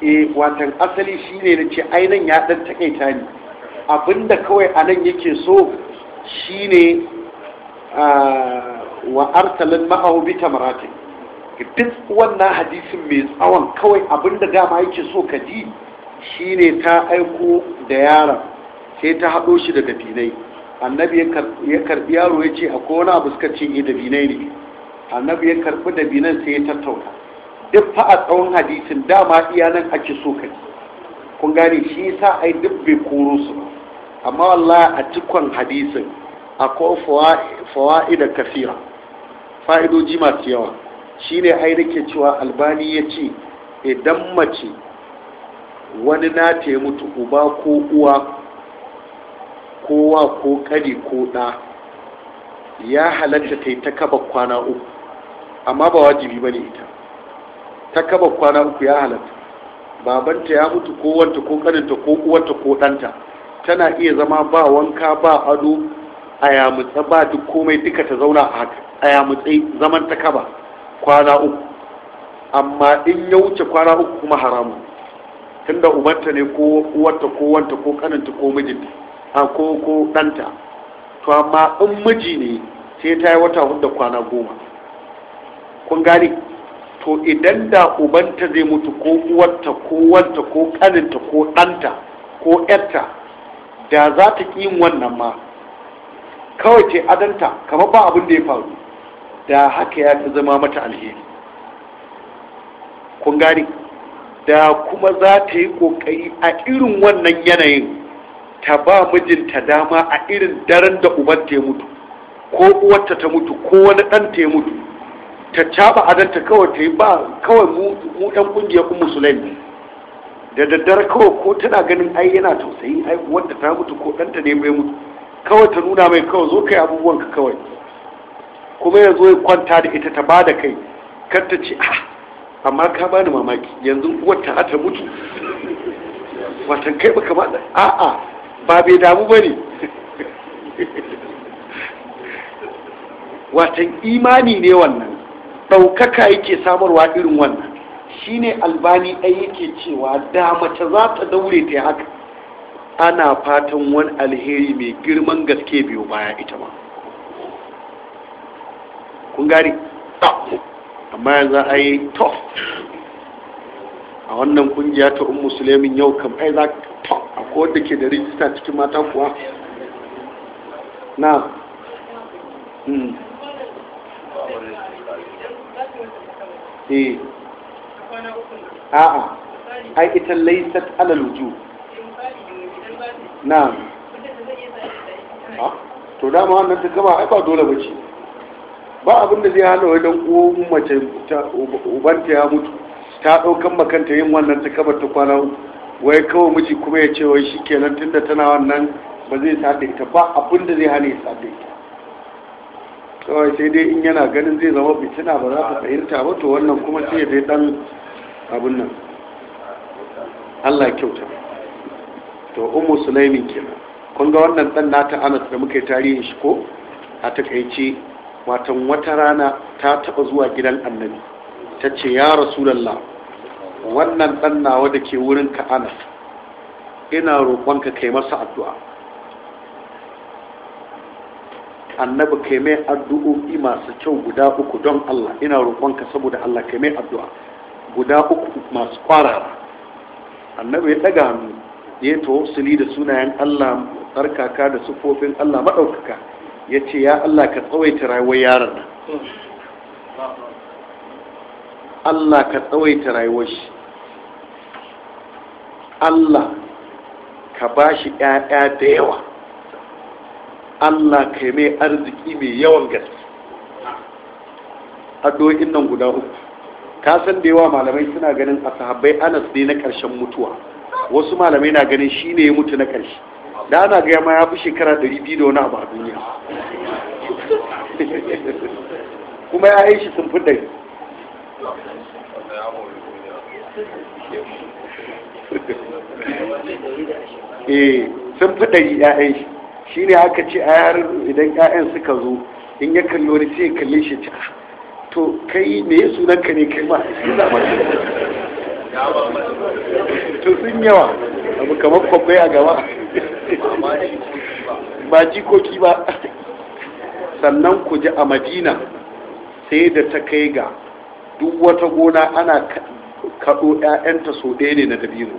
e watan asali shine na ce ainihin ya dan takaita ne abinda kawai a nan yake so shine wa arsalin ma'ahu bi duk wannan hadisin mai tsawon kawai abinda dama yake so ka ji shine ta aiko da yaron sai ta haɗo shi da dabinai annabi ya karɓi yaro ya ce a wani abu suka ce ne eh, dabinai ne annabi ya karɓi dabinan sai ya tattauna duk fa a tsawon hadisin dama iya nan ake so ka ji kun gane shi yasa ai duk bai koro su ba amma wallahi a cikin hadisin akwai fawa'ida kafira, fa'idoji masu yawa shi ai ainihin cewa albani ya ce idan mace wani na ta mutu uba ko uwa kowa ko kari ko ɗa ya halatta ta yi ta kaba kwana uku amma ba wajibi ba ne ita ta kaba kwana uku ya halatta babanta ya mutu ko wanta ko karinta ko uwanta ko ɗanta tana iya zama ba wanka ba ado a yamutsa ba duk komai duka ta zauna a haka a yamutsai zaman ta kaba kwana uku amma in ya wuce kwana uku kuma haramu tunda ubanta ne ko uwarta ko wanta ko kaninta ko mijinta a ko ko ɗanta to amma in miji ne sai ta yi wata hudu kwana goma kun gane to idan da ubanta zai mutu ko uwarta ko wanta ko kaninta ko ɗanta ko yarta da za ta ƙi yin wannan ma kawai ce adanta kamar ba abin da ya faru da haka ya fi zama mata alheri kun gani da kuma za ta yi ƙoƙari a irin wannan yanayin ta ba mijinta dama a irin daren da uban ta mutu ko uwarta ta mutu ko wani ɗan ta mutu ta caba adanta kawai ta yi ba kawai mu ɗan ƙungiyar musulmi da daddare kawai ko tana ganin ai yana tausayi ai wanda ta mutu ko ɗanta ne mai mutu kawai ta nuna mai kawai zo kai abubuwan ka kawai kuma ya zo ya kwanta da ita ta bada kai kar ta ce ah amma ka bani mamaki yanzu uwar ta ta mutu watan kai baka ba a'a ba bai damu ba ne watan imani ne wannan ɗaukaka yake samarwa irin wannan shine albani ɗaya yake cewa da mace za ta daure ta haka ana fatan wani alheri mai girman gaske biyu baya ita ma kun gari amma yanzu a yi to a wannan kungiya ta un musulmin yau kan fai za ta. a da ke da rijista cikin mata kuwa na Hmm. Eh. a'a ai ita laysat ala alwujub na'am to dama wannan ta gama ai ba dole bace ba abin da zai hana wai dan uwan mace ta ubanta ya mutu ta daukan makanta yin wannan ta kabar ta kwana wai kawai miji kuma ya ce wai shikenan tunda tana wannan ba zai sade ita ba abin da zai hana ya sade ita kawai sai dai in yana ganin zai zama fitina ba za ta fahimta ba to wannan kuma sai dai dan abun nan Allah kyauta to ummu sulaimin kenan kun ga wannan dan nata anas da muka yi tarihin shi ko a takaice watan wata rana ta taba zuwa gidan annabi ta ce ya rasulallah wannan dan nawa da ke wurin ka anas ina roƙonka kai masa addu'a annabi kai mai addu'o'i masu kyau guda uku don Allah ina roƙonka saboda Allah kai mai addu'a guda uku masu kwara annabi ya daga hannu ya tawassuli da sunayen Allah tsarkaka da sufofin Allah maɗaukaka ya ce ya Allah ka tsawaita rayuwar yaron nan Allah ka tsawaita rayuwar shi Allah ka ba shi ‘ya'ya da yawa Allah ka yi mai arziki mai yawan gaske doyin nan guda uku ka san da yawa malamai suna ganin a sahabbai anas ne na ƙarshen mutuwa wasu malamai na ganin shi ne ya mutu na ƙarshe da ana gaya ma ya fi shekara 200 da wani abu a duniya <laughs> kuma ya yi shi sun fi ɗari <laughs> eh sun fi ɗari ya'yan shi shi ne aka ce a yaran idan ya'yan suka zo in ya kalli wani sai ya kalle shi cika to kai ne ya sunanka ne kai ma to sun yawa abu kamar kwakwai a gaba ba jikoki ba sannan ku ji a madina sai da ta kai ga duk wata gona ana kaɗo 'ya'yanta so ɗaya ne na dabino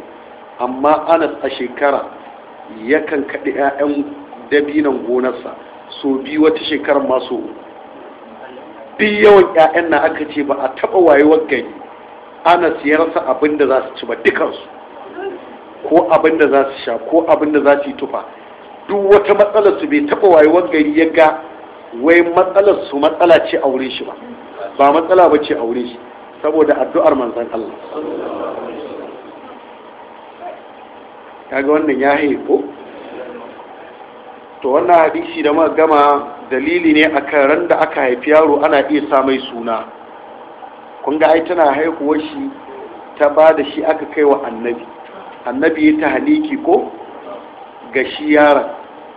amma anas a shekara yakan kaɗi 'ya'yan dabinan gonarsa so biyu wata shekarar masu. duk yawan 'ya'yan na aka ce ba a taɓa wayewar gari ana siyarsa abin da za su ci ba dukansu ko abin da za su sha ko abin da za su yi tufa duk wata matsalar su bai taɓa wayewar gari ya ga wai matsalar su matsala ce a wurin shi ba ba matsala ba ce a wurin shi saboda addu'ar manzan Allah kaga wannan ya haifo to wannan hadisi da muka gama dalili ne a ran da aka haifi yaro ana iya sa mai suna kun ga ai tana haihuwar shi ta ba da shi aka kai wa annabi annabi ya tahaliki ko ga shi yaron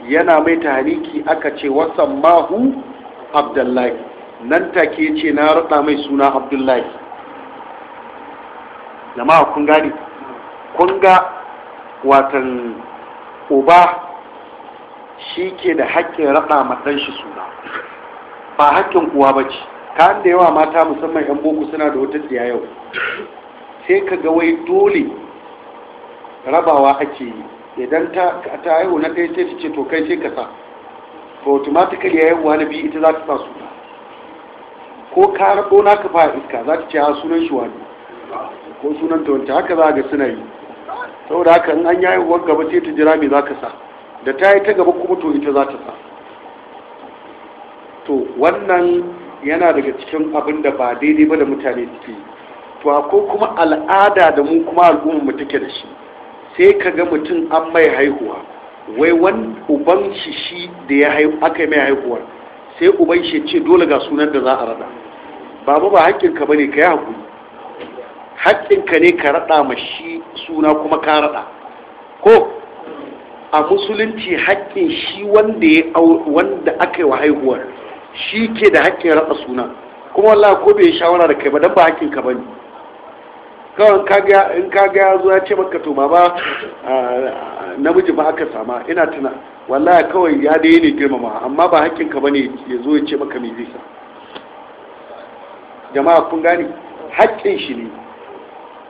yana mai tahaliki aka ce wasan mahu abdullahi nan take ce na raɗa mai suna abdullahi jama'a kun gani kun ga watan uba shi ke da haƙƙin raɗa ma ɗan shi suna ba haƙƙin kuwa ba ce kan da yawa mata musamman 'yan boko suna da wata tsiya yau sai ka ga wai dole rabawa ake yi idan ta haihu na ɗaya sai ta ce to kai sai ka sa to automatically ya yawa na biyu ita za ta sa suna ko ka raɓo na ka fara iska za ta ce a sunan shi wani ko sunan ta wancan haka za ga suna yi saboda haka in an yi haihuwar gaba sai ta jira me za ka sa da ta yi ta gaba kuma to ita za ta sa to wannan yana daga cikin abin da ba daidai ba da mutane suke to ko kuma al'ada da mu kuma al'ummar mu take da shi sai ka ga mutum an mai haihuwa wai wani uban shi shi da ya haihu aka yi mai haihuwar sai uban shi ce dole ga sunan da za a rada Baba ba haƙƙinka bane ka yi hakuri haƙƙinka ne ka rada ma shi suna kuma ka rada ko a musulunci haƙƙin shi wanda aka yi wa haihuwar shi ke da haƙƙin raɗa suna kuma wallah ko bai shawara da kai ba dan ba haƙƙin ka bane kawai in ka ga ya zo ya ce maka to baba namiji ba aka sama ina tuna wallahi kawai ya dai ne girmama amma ba haƙƙin ka bane ya zo ya ce maka me zai sa jama'a kun gane haƙƙin shi ne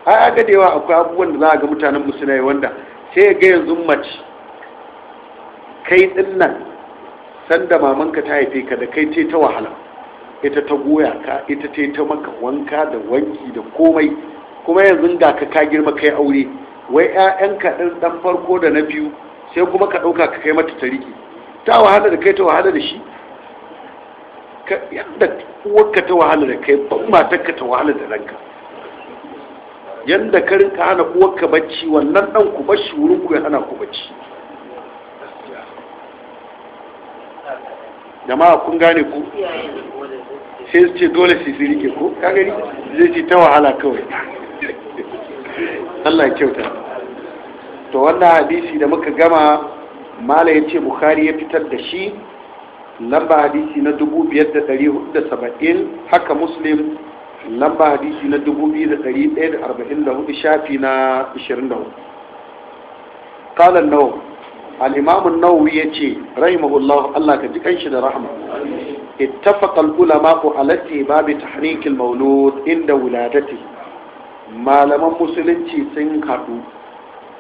ai ga da yawa akwai abubuwan da za a ga mutanen musulmai wanda sai ga yanzu mace kai din nan sanda mamanka ta haife ka da kai ce ta wahala ita ta goya ka ita ce ta maka wanka da wanki da komai kuma yanzu ga ka ka girma kai aure wai 'ya'yanka ɗin ɗan farko da na biyu sai kuma ka ɗauka ka kai mata tariki ta wahala da kai ta wahala da shi yadda uwarka ta wahala da kai ban matarka ta wahala da ranka yanda ka rinka hana uwarka bacci wannan ɗan ku bashi wurin ku ya hana ku bacci jama'a kun gane ku sai su ce dole su su rike ko ka gani zai ci ta wahala kawai <laughs> Allah kyauta to wannan hadisi da muka gama mala ya ce bukari ya fitar da shi lamba hadisi na 5470 haka muslim lamba hadisi na 2144 shafi na 24 قال النووي al-imam an-nawawi yace rahimahullah Allah ka ji kanshi da rahma ittafaqa al-ulama ala tibab tahrik al-mawlud inda wuladati malaman musulunci sun hadu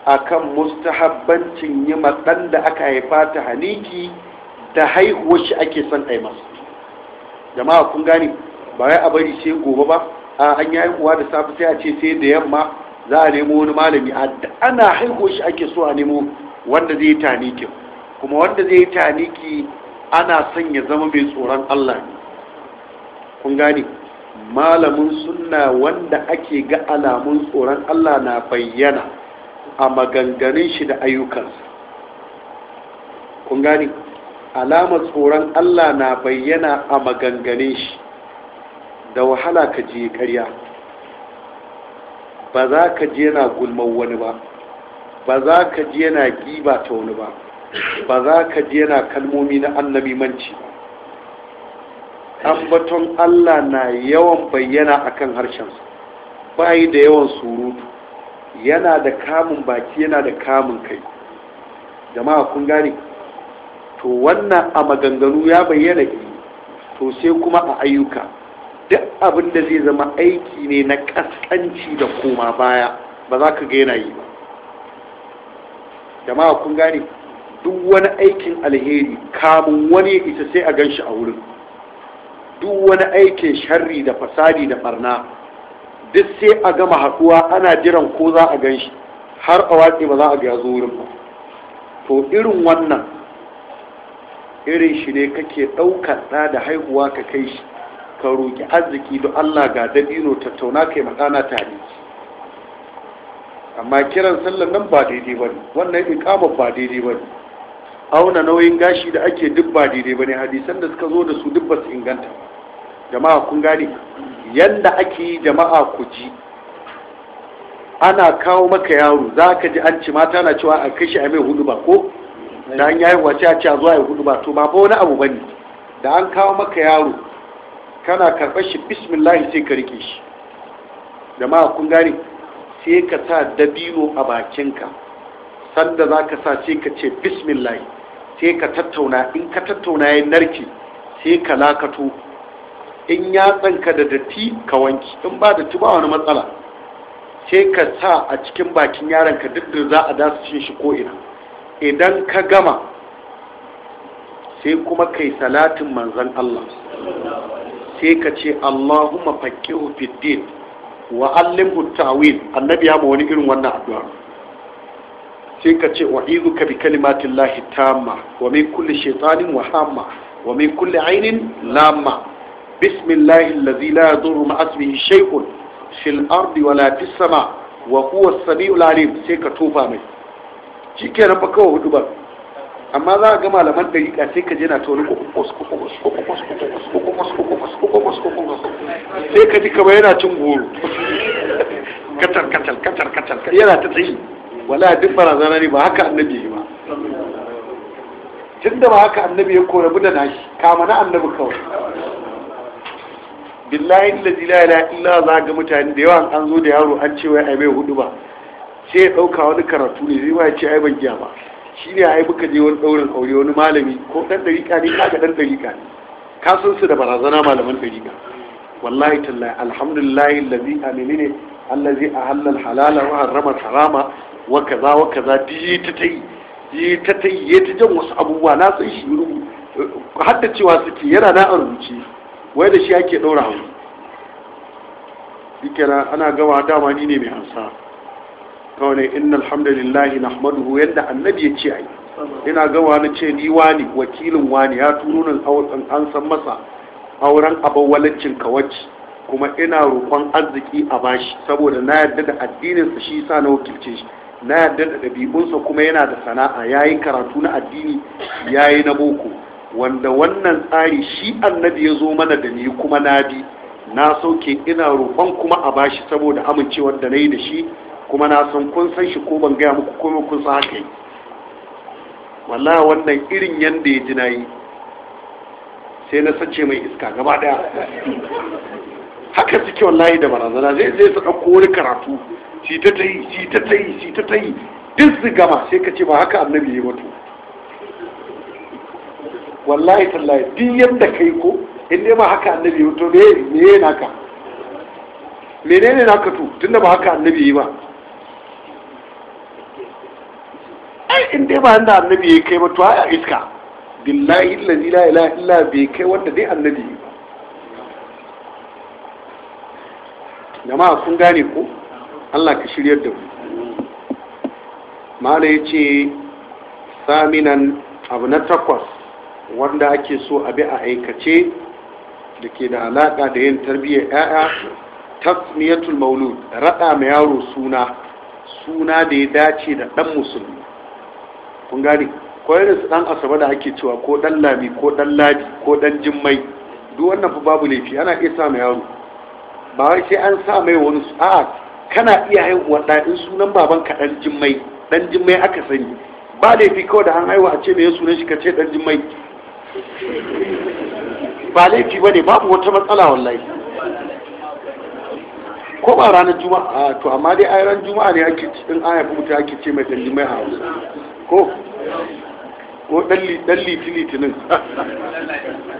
akan mustahabbancin yi matsan da aka haifa ta haniki da haihuwar shi ake son ai jama'a kun gane ba wai a bari sai gobe ba a an yi haihuwa da safe sai a ce sai da yamma za a nemo wani malami a ana haihuwar shi ake so a nemo wanda zai tanikin kuma wanda zai yi taniki ana son ya zama mai tsoron Allah ne kun gane malamin sunna wanda ake ga alamun tsoron Allah na bayyana a maganganun shi da ayyukansa kun gane alamar tsoron Allah na bayyana a maganganun shi da wahala ka je karya ba za ka je na gulman wani ba ba za ka ji yana giba ta wani ba ba za ka ji yana kalmomi na annabi manci ambaton Allah na yawan bayyana akan harshensa bayi da yawan surutu yana da kamun baki yana da kamun kai jama'a kun gane to wannan a maganganu ya bayyana to sai kuma a ayyuka duk abin da zai zama aiki ne na kaskanci da koma baya ba za ka ga yana yi ba jama'a kun gane duk wani aikin alheri kamun wani ita sai a gan shi a wurin duk wani aikin sharri da fasadi da barna duk sai a gama haɗuwa ana jiran ko za a gan shi har a watsi ba za a ga zo wurin ba to irin wannan irin shi ne kake ɗaukar ɗa da haihuwa ka kai shi ka roƙi arziki don allah ga dabino tattauna kai magana tare amma kiran sallan nan ba daidai ba ne wannan ikama ba daidai ba ne auna nauyin gashi da ake duk ba daidai ba ne hadisan da suka zo da su duk ba su inganta jama'a kun gane yanda ake yi jama'a ku ji ana kawo maka yaro za ka ji an ci mata na cewa a kashi a mai hudu ba ko da an yayi wace a ce a zuwa ya hudu ba to ba fa wani abu bane da an kawo maka yaro kana karɓar shi bismillah sai ka rike shi jama'a kun gane sai ka sa dabino a bakinka sanda za ka sa sai ka ce bismillah sai ka tattauna in ka tattauna ya narke sai ka lakato in ya tsanka da datti ka wanki in ba datti ba wani matsala sai ka sa a cikin bakin yaranka ka duk da za a da cin shi ko ina idan ka gama sai kuma kai salatin manzon Allah sai ka ce Allahumma faqihu fid wa allimhu ta'wil annabi ya ma wani irin wannan addu'a sai ka ce wa ka bi kalimatin lahi tamma wa min kulli shaytanin wa hamma wa min kulli ainin lamma bismillahi allazi la yadurru ma ismihi shay'un fil ardi wa la fis sama wa huwa as-sami'ul alim sai ka tofa mai shikenan ba kawai hudu ba amma za a ga malaman ɗariƙa sai ka je na ta sai ka ji kama yana cin goro katar katar katar katar yana ta wala duk barazana ne ba haka annabi ba tun da ba haka annabi ya korabu da nashi kama na annabi kawai billahi la illa za ga mutane da yawa an zo da yaro an ce wai ai mai hudu ba sai ya ɗauka wani karatu ne zai ba ya ce ai ban giya ba shi ne ai muka je wani ɗaurin aure wani malami ko ɗan ɗariƙa ne kaga ɗan ɗariƙa ne ka san su da barazana malaman ɗariƙa wallahi tallahi alhamdulillahi allazi amini ne allazi ahalla alhalala wa harrama harama wa kaza wa kaza diyi ta tai ta tai ya ta jan wasu abubuwa na san shi har da cewa suke yana na a rubuce wai da shi ake ɗaura hauri shikenan ana gawa dama ni ne mai amsa. kawai ne inna alhamdulillahi nahmaduhu yadda annabi ya ce ai ina ga wani ce ni wani wakilin wani ya turo nan an san masa auren abawalancin kawaci kuma ina roƙon arziki a bashi saboda na yarda da addininsa shi sa na wakilce shi na yarda da ɗabi'unsa kuma yana da sana'a ya yi karatu na addini ya yi na boko wanda wannan tsari shi annabi ya zo mana da ni kuma na bi na sauke ina roƙon kuma a bashi saboda amincewar da na yi da shi kuma na san kun san shi ko ban gaya muku komai kun san haka yi wallahi wannan irin yanda ya ji na yi sai na sace mai iska gaba daya haka suke wallahi da barazana zai zai su ɗauko wani karatu shi ta ta yi shi ta ta yi shi ta ta yi duk su gama sai ka ce ba haka annabi ya mutu wallahi tallahi duk yadda kai ko in dai ba haka annabi ya mutu ne ne naka menene naka to tunda ba haka annabi yi ba ai in dai ba da annabi ya kai ba to a iska billahi allazi la ilaha illa bi kai wanda dai annabi ba jama'a kun gane ko Allah ka shiryar da mu mala yace saminan abu na takwas wanda ake so a bi a aikace da ke da alaƙa da yin tarbiyyar 'ya'ya tasmiyatul maulud raɗa ma yaro suna suna da ya dace da ɗan musulmi kun gane da da su dan asaba da ake cewa ko dan labi ko dan ladi ko dan jimmai duk wannan fa babu laifi ana iya sa mai yaro ba wai sai an sa mai wani a'a kana iya haihuwa da in sunan baban ka dan jimmai dan jimmai aka sani ba laifi kawai da an haihuwa a ce me sunan shi ka ce dan jimmai ba laifi bane babu wata matsala wallahi ko ba ranar juma'a to amma dai a juma'a ne ake in an haifi ake ce mai dan jimmai a hausa ko ko dan litinin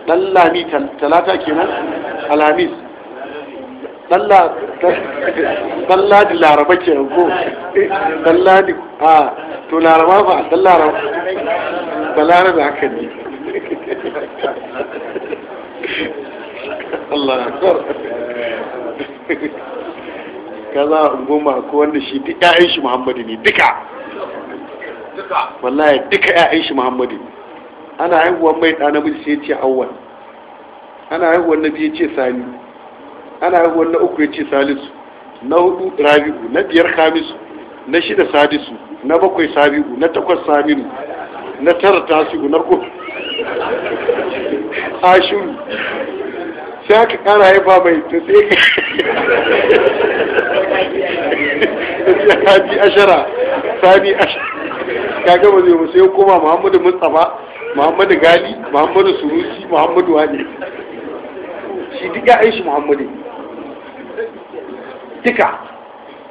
dan lami talata kenan alamis dan <laughs> ladi laraba ke ko dan <laughs> ladi a to laraba ba dan laraba da haka ne <laughs> Allah akbar kaza goma ko wanda shi duk ƴaƴan shi Muhammadu ne duka wallahi duka ƴaƴan shi muhammadu ana haihuwar mai ɗa namiji sai ya ce awwal ana haihuwar na biyu ce sani ana haihuwar na uku ya ce salisu na hudu rabi'u na biyar Kamisu na shida sadisu na bakwai sabi'u na takwas saminu na tara tasiru na ko ashiru sai aka kara haifa mai to sai ka ji ashara sani ashara kaga ba zai sai koma muhammadu mustapha muhammadu gali muhammadu surusi muhammadu wani shi duk ya aishi muhammadu duka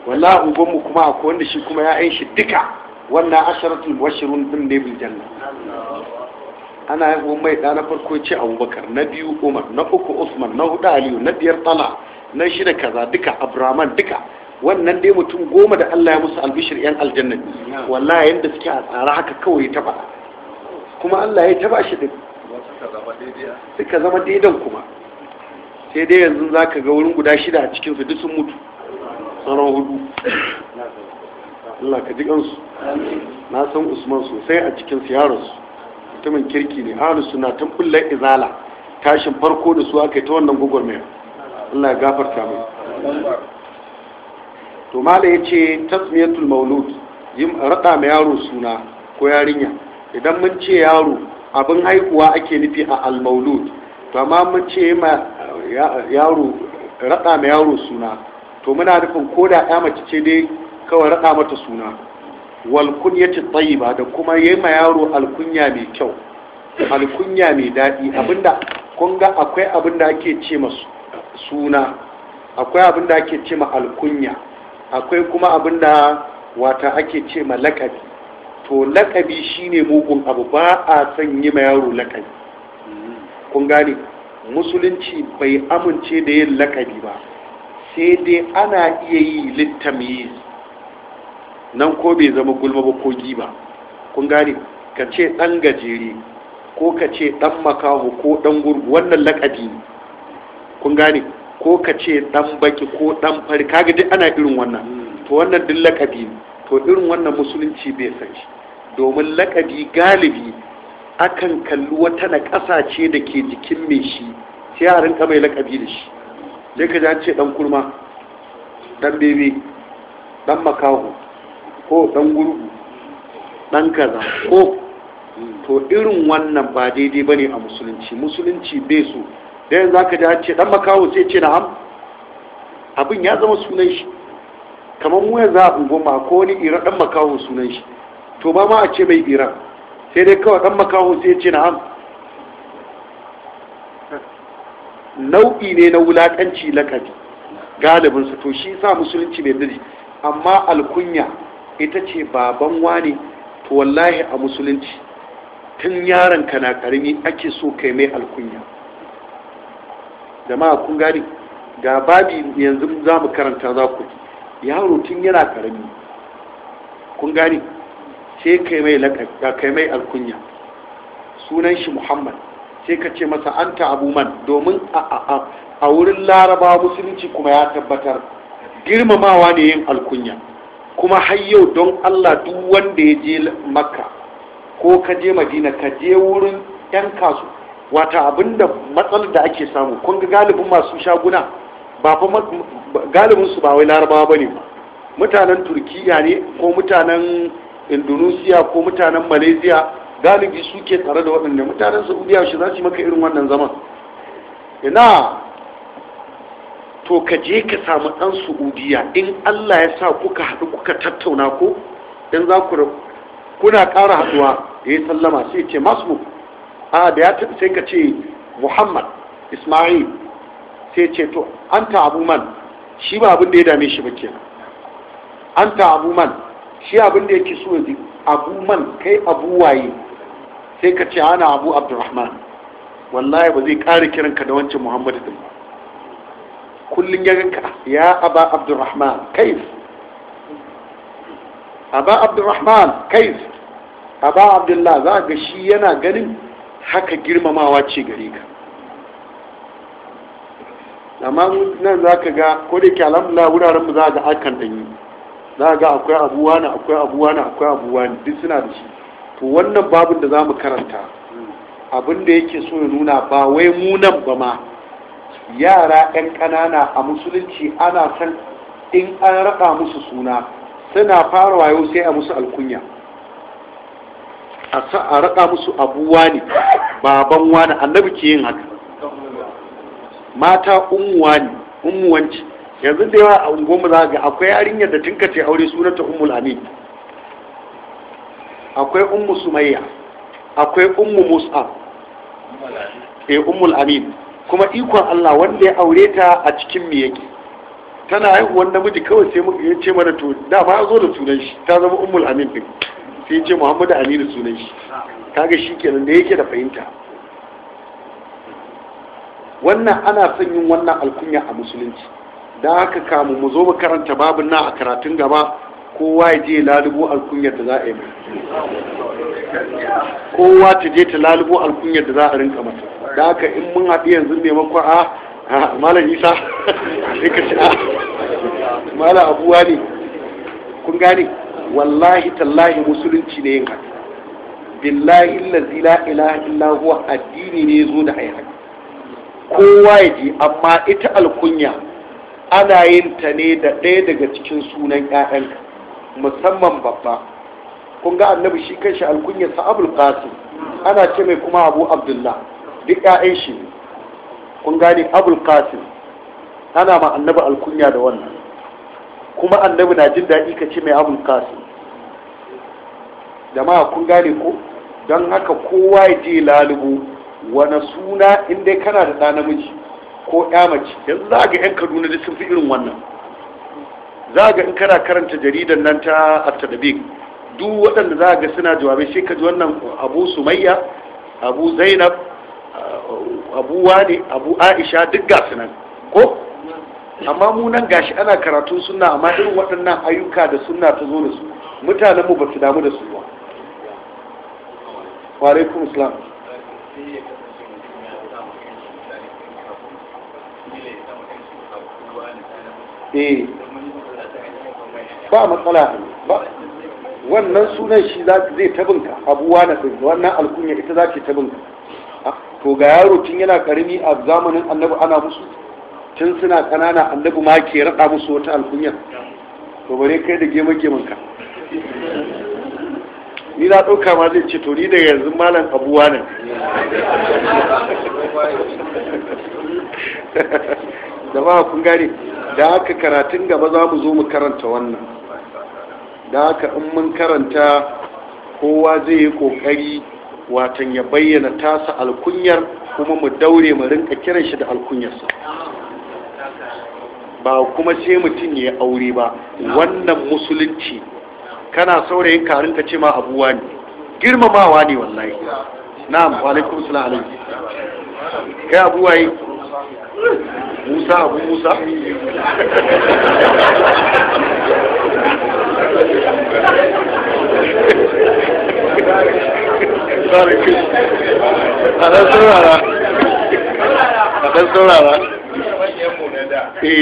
wala ubanmu kuma akwai wanda shi kuma ya aishi duka wannan asharatul bashirun din ne bil janna ana haihuwar mai ɗa na farko ce abubakar na biyu umar na uku usman na hudu aliyu na biyar tala na shida kaza duka abraman duka wannan dai mutum goma da allah ya musu albishir yan aljanna wallahi yadda suke a tsara haka kawai ta faɗa kuma allah ya taba shi din suka zama daidan kuma sai dai yanzu za ka ga wurin guda shida a cikinsu duk sun mutu Tsaron hudu allah ka ji kansu na san usman sosai a cikin siyararsu mutumin kirki ne ahlus suna tun kullar izala tashin farko da su aka yi ta wannan mai Allah ya gafarta mai to mala yace tasmiyatul maulud yin rada ma yaro suna ko yarinya idan mun ce yaro abin haihuwa ake nufi a al-maulud to amma mun ce ma yaro rada ma yaro suna to muna nufin ko da ya mace ce dai kawai rada mata suna wal kunyati tayyiba da kuma yi ma yaro alkunya mai kyau alkunya mai daɗi abinda kun ga akwai abinda ake ce ma suna akwai abinda ake ce ma alkunya akwai kuma abinda wata ake ce ma lakabi to lakabi shine mugun abu ba a son yi ma yaro lakabi kun gane musulunci bai amince da yin lakabi ba sai dai ana iya yi littamiyi nan ko bai zama gulma ba ko giba kun gani ka ce ɗan gajere ko ka ce ɗan makaho ko ɗan gurgu wannan lakabi ne kun gani ko ka ce ɗan baki ko ɗan fari kaga duk ana irin wannan to wannan duk lakabi ne to irin wannan musulunci bai san shi domin lakabi galibi akan kalli wata na ƙasa ce da ke jikin mai shi sai a rinka mai lakabi da shi sai ka ce ɗan kurma ɗan bebe ɗan makaho ko dan gurgu dan kaza ko to irin wannan ba daidai ba ne a musulunci musulunci bai so da yanzu aka ji ce dan makawo sai ce na'am abin ya zama sunan shi kamar mu yanzu a ungoma ko wani iran dan makawo sunan shi to ba ma a ce mai iran sai dai kawai dan makawo sai ce na'am nau'i ne na wulakanci lakabi su to shi sa musulunci bai dadi amma alkunya ita ce baban wani to wallahi a musulunci tun yaron ka na karami ake so kai mai alkunya jama'a kun gani ga babi yanzu za mu karanta za ku yaro tun yana karami kun gani sai kai mai kai mai alkunya sunan shi muhammad sai ka ce masa anta abu man domin a wurin laraba musulunci kuma ya tabbatar girmamawa ne yin alkunya kuma har yau don Allah duk wanda ya je makka ko ka je madina ka je wurin 'yan kasu wata abinda matsalar da ake samu kun ga galibin masu shaguna ba fa galibin su ba wai larabawa bane ba mutanen turkiya ne ko mutanen indonesia ko mutanen malaysia galibi suke tare da waɗanda mutanen saudiya shi za su maka irin wannan zaman ina to ka je ka samu ɗan su'udiya in allah ya sa kuka haɗu kuka tattauna ko in za ku kuna ƙara haɗuwa ya yi sallama sai ce masu a da ya sai ka ce muhammad ismail sai ce to an ta abu man shi ba abin da ya dame shi ba ke an ta abu man shi abin da yake so ya abu man kai abu waye sai ka ce ana abu abdurrahman wallahi ba zai ƙara kiranka da wancan muhammadu din ba kullum ya ganka ya aba abdurrahman kaif aba abdurrahman kaif aba abdullah za ga shi yana ganin haka girmamawa ce gare ka amma nan za ka ga ko da ke alhamdulillah wuraren mu za ga akan ɗanyi za ga akwai abuwa na akwai abuwa na akwai abuwa ne duk suna da shi to wannan babin da za mu karanta abin da yake so ya nuna ba wai munan ba ma yara 'yan ƙanana a musulunci ana san in an raka musu suna suna fara wayo sai a musu alkunya a raka musu abuwa ne baban wani annabi ke yin haka mata ne, umuwanci yanzu da yawa a unguwanmu za ga akwai yarinyar da tun kace aure sunanta ummul amin akwai ummu sumayya akwai ummu mus'ab E, ummul amin kuma ikon Allah wanda ya aure ta a cikin me yake tana haihuwar namiji kawai sai muka ce mana to da ba zo da sunan shi ta zama ummul amin din sai ce muhammadu aminu sunan shi kaga shi kenan da yake da fahimta wannan ana son yin wannan alkunya a musulunci da haka kamu mu zo mu karanta babin na a karatun gaba kowa ya je lalubo alkunyar da za a yi kowa ta je ta lalubo alkunyar da za a rinka mata da haka in mun haɗu yanzu ne a ah, ah, malam isa <laughs> sai ka shi a ah, malam abuwa ne kun gane wallahi tallahi musulunci ne yin haka billahi lalzi la addini ne zo da ai kowa ya ji amma ita alkunya ana yin ta ne da ɗaya daga cikin sunan ƴaƴanka musamman babba kun ga annabi shi kanshi alkunya sa abul qasim ana ce mai kuma abu abdullah duk ƴaƴan shi ne, kun gane abul qasim ana ma annabi alkunya da wannan kuma annabi na jin daɗi ka ce mai abul qasim jama'a kun gane ko don haka kowa ya je lalubu, wani suna in dai kana da ɗa namiji ko ƴa mace yanzu za ga 'yan kaduna da sun fi irin wannan za ga in kana karanta jaridar nan ta attadabik duk waɗanda za ga suna jawabai sai ka ji wannan abu sumayya abu zainab abu wani abu aisha duk gasu nan ko amma mu nan gashi ana karatu suna amma irin waɗannan ayyuka da suna ta zo da su mutanen mu ba su damu da su ba wa alaikum islam eh ba matsala ba wannan sunan shi zai tabinka abuwa na wannan alkunya ita za ce tabinka to ga yaro tun yana karami a zamanin annabi ana musu tun suna kanana annabi ma ke raɗa musu wata alkunya to bare kai da gema gemanka ni na ɗauka ma zai ce to ni da yanzu malam abuwa ne da <laughs> ba kun gane da aka karatun gaba za mu zo mu karanta wannan da aka in mun karanta kowa zai yi ƙoƙari watan ya bayyana tasa alkunyar kuma mu daure mu rinka kiran shi da alkunyarsa ba kuma sai mutum ya aure ba wannan musulunci kana saurayin karin ka ce ma abuwa ne girmamawa ne wallahi na'am wa alaikum salam alaikum kai abuwa yi musa abu musa <laughs> a ɗan saurara a ɗan saurara eh,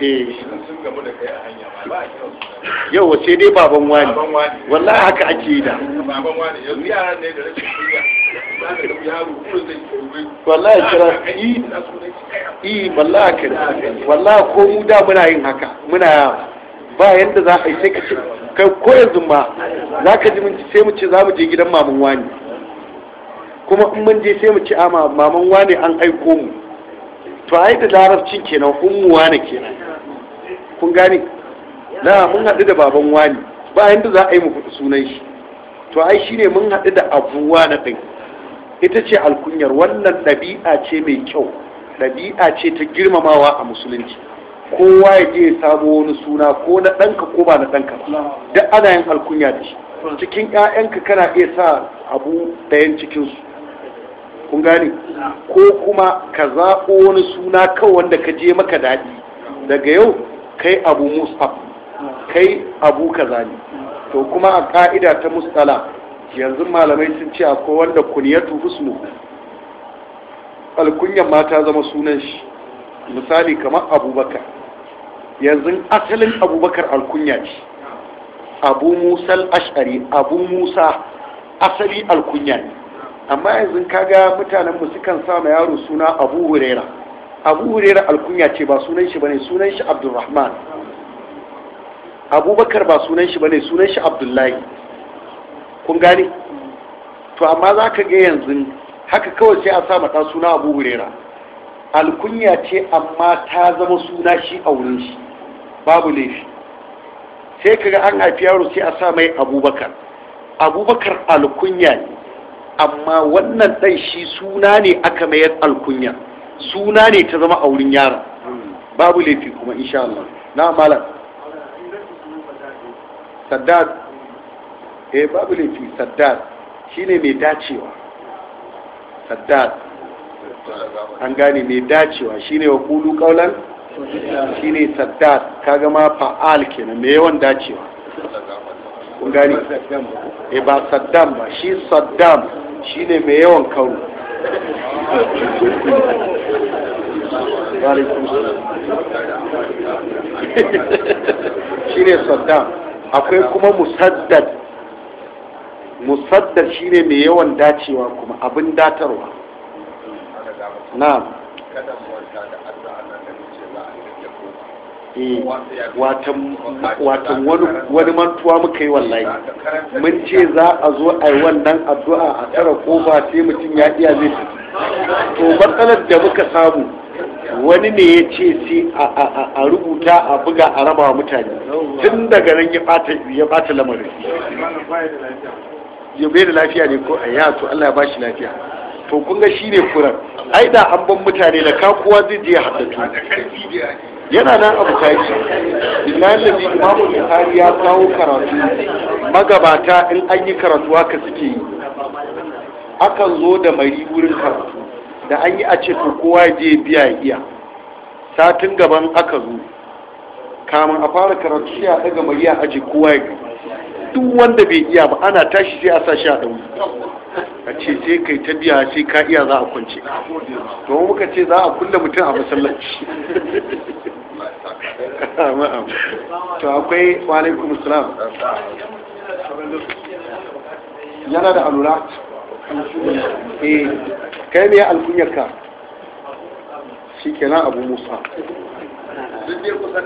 eh. yau wace dai baban wani wallahi haka ake yi da wallahi kira yi eh, eh, wallahi kira wallahi ko mu da muna yin haka muna ba yadda za a yi sai ka ce kai ko yanzu ma za ka ji mun sai mu ce za mu je gidan maman wani kuma in mun je sai mu ce a maman wani an aiko mu to ai da larabcin kenan ummu wani kenan kun gane na mun haɗu da baban wani ba yanda za a yi mu kuɗi sunan shi to ai ne mun haɗu da abuwa na ɗin ita ce alkunyar wannan ɗabi'a ce mai kyau ɗabi'a ce ta girmamawa a musulunci kowa ya je ya wani suna ko na ɗanka ko ba na ɗanka ba duk ana yin alkunya da shi cikin 'ya'yanka kana iya sa abu ɗayan cikinsu kun gane ko kuma ka zaɓo wani suna kan wanda ka je maka daɗi daga yau kai abu musab kai abu kaza ne to kuma a ƙa'ida ta mustala yanzu malamai sun ce akwai wanda kuniyatu husnu alkunyan mata zama sunan shi misali kamar abubakar yanzu asalin abubakar alkunya ce abu musal ashari abu musa asali alkunya ne amma yanzu kaga mutanen mu sukan sa ma yaro suna abu hurera abu hurera alkunya ce ba sunan shi bane sunan shi abdulrahman abubakar ba sunan shi bane sunan shi abdullahi kun gane to amma za ka ga yanzu haka kawai sai a sa mata suna abu hurera alkunya ce amma ta zama suna shi a wurin shi babu laifi sai kaga an haifi yaro sai a sa mai abubakar abubakar alkunya ne amma wannan dan shi suna ne aka mayar alkunya suna ne ta zama a wurin yaron babu laifi kuma insha Allah na malam saddad eh babu laifi saddad shine mai dacewa saddad an gane mai dacewa shine wa kulu kaulan shine Saddat. kaga ma fa'al kenan mai yawan dacewa kun gane E, ba saddam ba shi saddam shine mai yawan kawo shine saddam akwai kuma musaddad musaddad shine mai yawan dacewa kuma abin datarwa na'am eh, watan wani mantuwa muka yi wallahi mun ce za a zo a yi wannan addu'a a ko ba sai mutum ya iya zai to matsalar da muka samu wani ne ya ce sai a rubuta a buga a raba mutane tun daga nan ya bata lamarin ya bai da lafiya ne ko a to Allah ya bashi lafiya to kun ga ne furan ai da an mutane da ka kowa zai je haddatu yana nan abu ta yi yadda ne imamu ya kawo karatu magabata in an yi karatu haka suke yi akan zo da mari wurin karatu da an yi a ce to kowa je biya iya satin gaban aka zo kamun a fara karatu sai a ɗaga mari a aji kowa ya duk wanda bai iya ba ana tashi sai a sa shi a ɗauki a ce sai kai ta biya sai ka iya za a kunce to muka ce za a kulle mutum a masallaci <laughs> to akwai walaikum salam yana da alura eh kai ne alkunyarka shi kenan abu musa Zubiyar kusan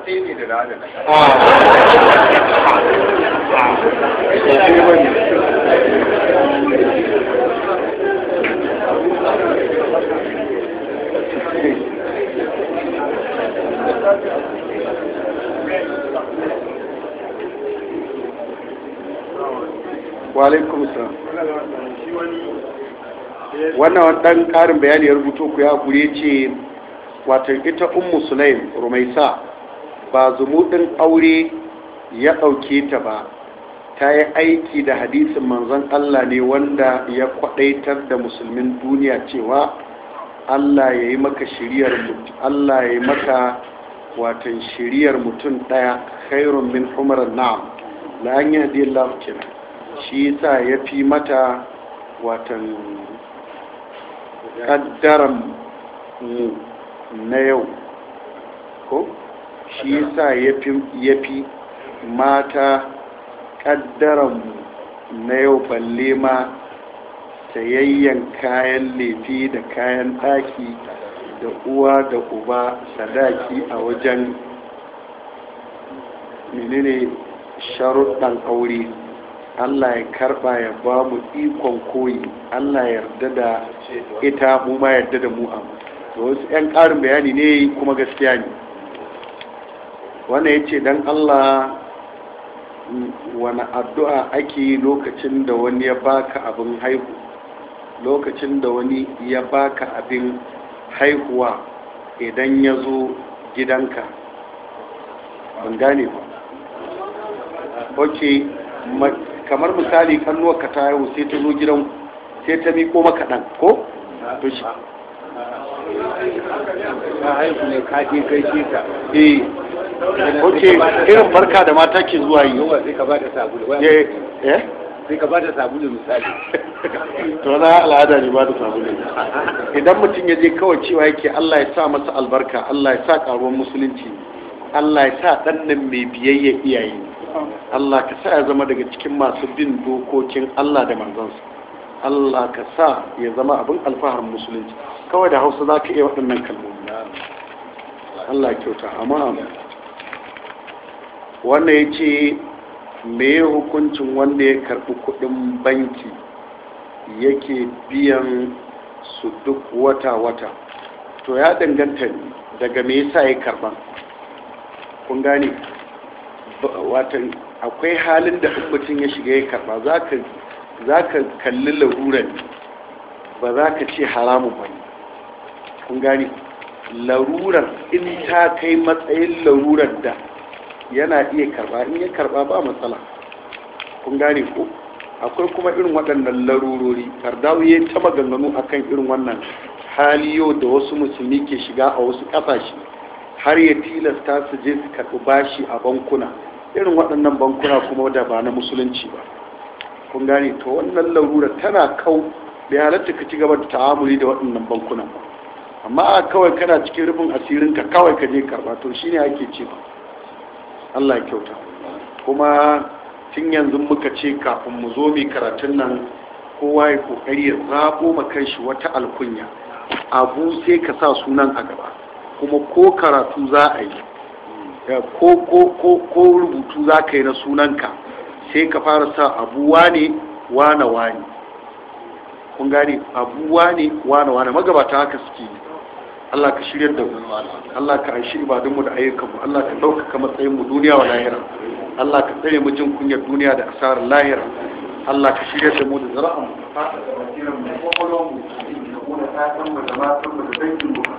<laughs> walaikum salam wannan wani karin bayani ya rubuto ku ya kure ce wato ita ummu sulaim rumaisa ba zumuɗin aure ya ɗauke ta ba ta yi aiki da hadisin manzon Allah ne wanda ya kwadaitar da musulmin duniya cewa Allah ya yi maka shiriyar mutum Allah ya yi maka watan shiriyar mutum ɗaya khairun min umar na'am la an yi hadin lafkin shi sa ya fi mata watan kaddaran mu na yau ko shi ya fi mata kaddaranmu na yau balle ma yayyan kayan lefi da kayan ɗaki da uwa da uba sadaki a wajen menene sharuɗan aure allah ya karɓa ya ba mu ikon koyi allah ya yarda da ita mu ma yarda da mu wasu 'yan ƙarin bayani ne kuma gaskiya ne wannan ya ce don allah wani addu'a ake yi lokacin da wani ya baka abin haihu lokacin da wani ya baka abin haihuwa idan ya zo gidanka ban gane ba ok kamar misali ka ta haihu sai ta zo gidan sai ta miko maka ɗan ko? ta haihu ne kaji gaishe ta eh. oke irin barka da mata ke zuwa yi eh, eh? sai ka ba da sabulu misali <laughs> to na al'ada ne ba da sabulu idan mutum ya je kawai cewa yake Allah ya sa masa albarka Allah ya sa karuwar musulunci Allah ya sa ɗannan mai biyayya iyaye Allah ka sa ya zama daga cikin masu bin dokokin Allah da manzansa Allah ka sa ya zama abin alfahar musulunci kawai da hausa za ka iya waɗannan kalmomi Allah kyauta amma wannan ya ce me hukuncin wanda ya karɓi kuɗin banki yake biyan su duk wata-wata to ya danganta daga me yasa ya karɓa kun gane watan akwai halin da mutum ya shiga ya karɓa za ka kalli larurar ba za ka ce haramun ba ne kun gane larurar in ta kai matsayin larurar da yana iya karba in ya karba ba matsala kun gane ko akwai kuma irin waɗannan larurori kardawu ya ta a kan irin wannan haliyo da wasu musulmi ke shiga a wasu ƙasashe har ya tilasta su je su karɓi bashi a bankuna irin waɗannan bankuna kuma da ba na musulunci ba kun gane to wannan larura tana kau ya halatta ka ci gaba da ta'amuli da waɗannan bankuna ba amma kawai kana cikin rufin asirinka kawai ka je karɓa to shine ake ce ba Allah ya kyauta kuma tun yanzu muka ce kafin mu zo mai karatun nan kowa ya kokari ya zabo makan shi wata alkunya abu sai ka sa sunan a gaba kuma ko karatu za a yi ko rubutu za ka yi na sunanka sai ka fara sa abu wane wane wane kun gane abu wane wane wane magabata haka suke yi Allah ka shirya da mu Allah ka aishi ibadunmu da ayyukanmu Allah ka ɗaukaka matsayinmu duniya wa lahira Allah ka tsare mu jin kunyar duniya da asarar lahira Allah ka shirya da mu da zara'anmu da fata da mu da mu da kuma da ta'anmu da mu da mu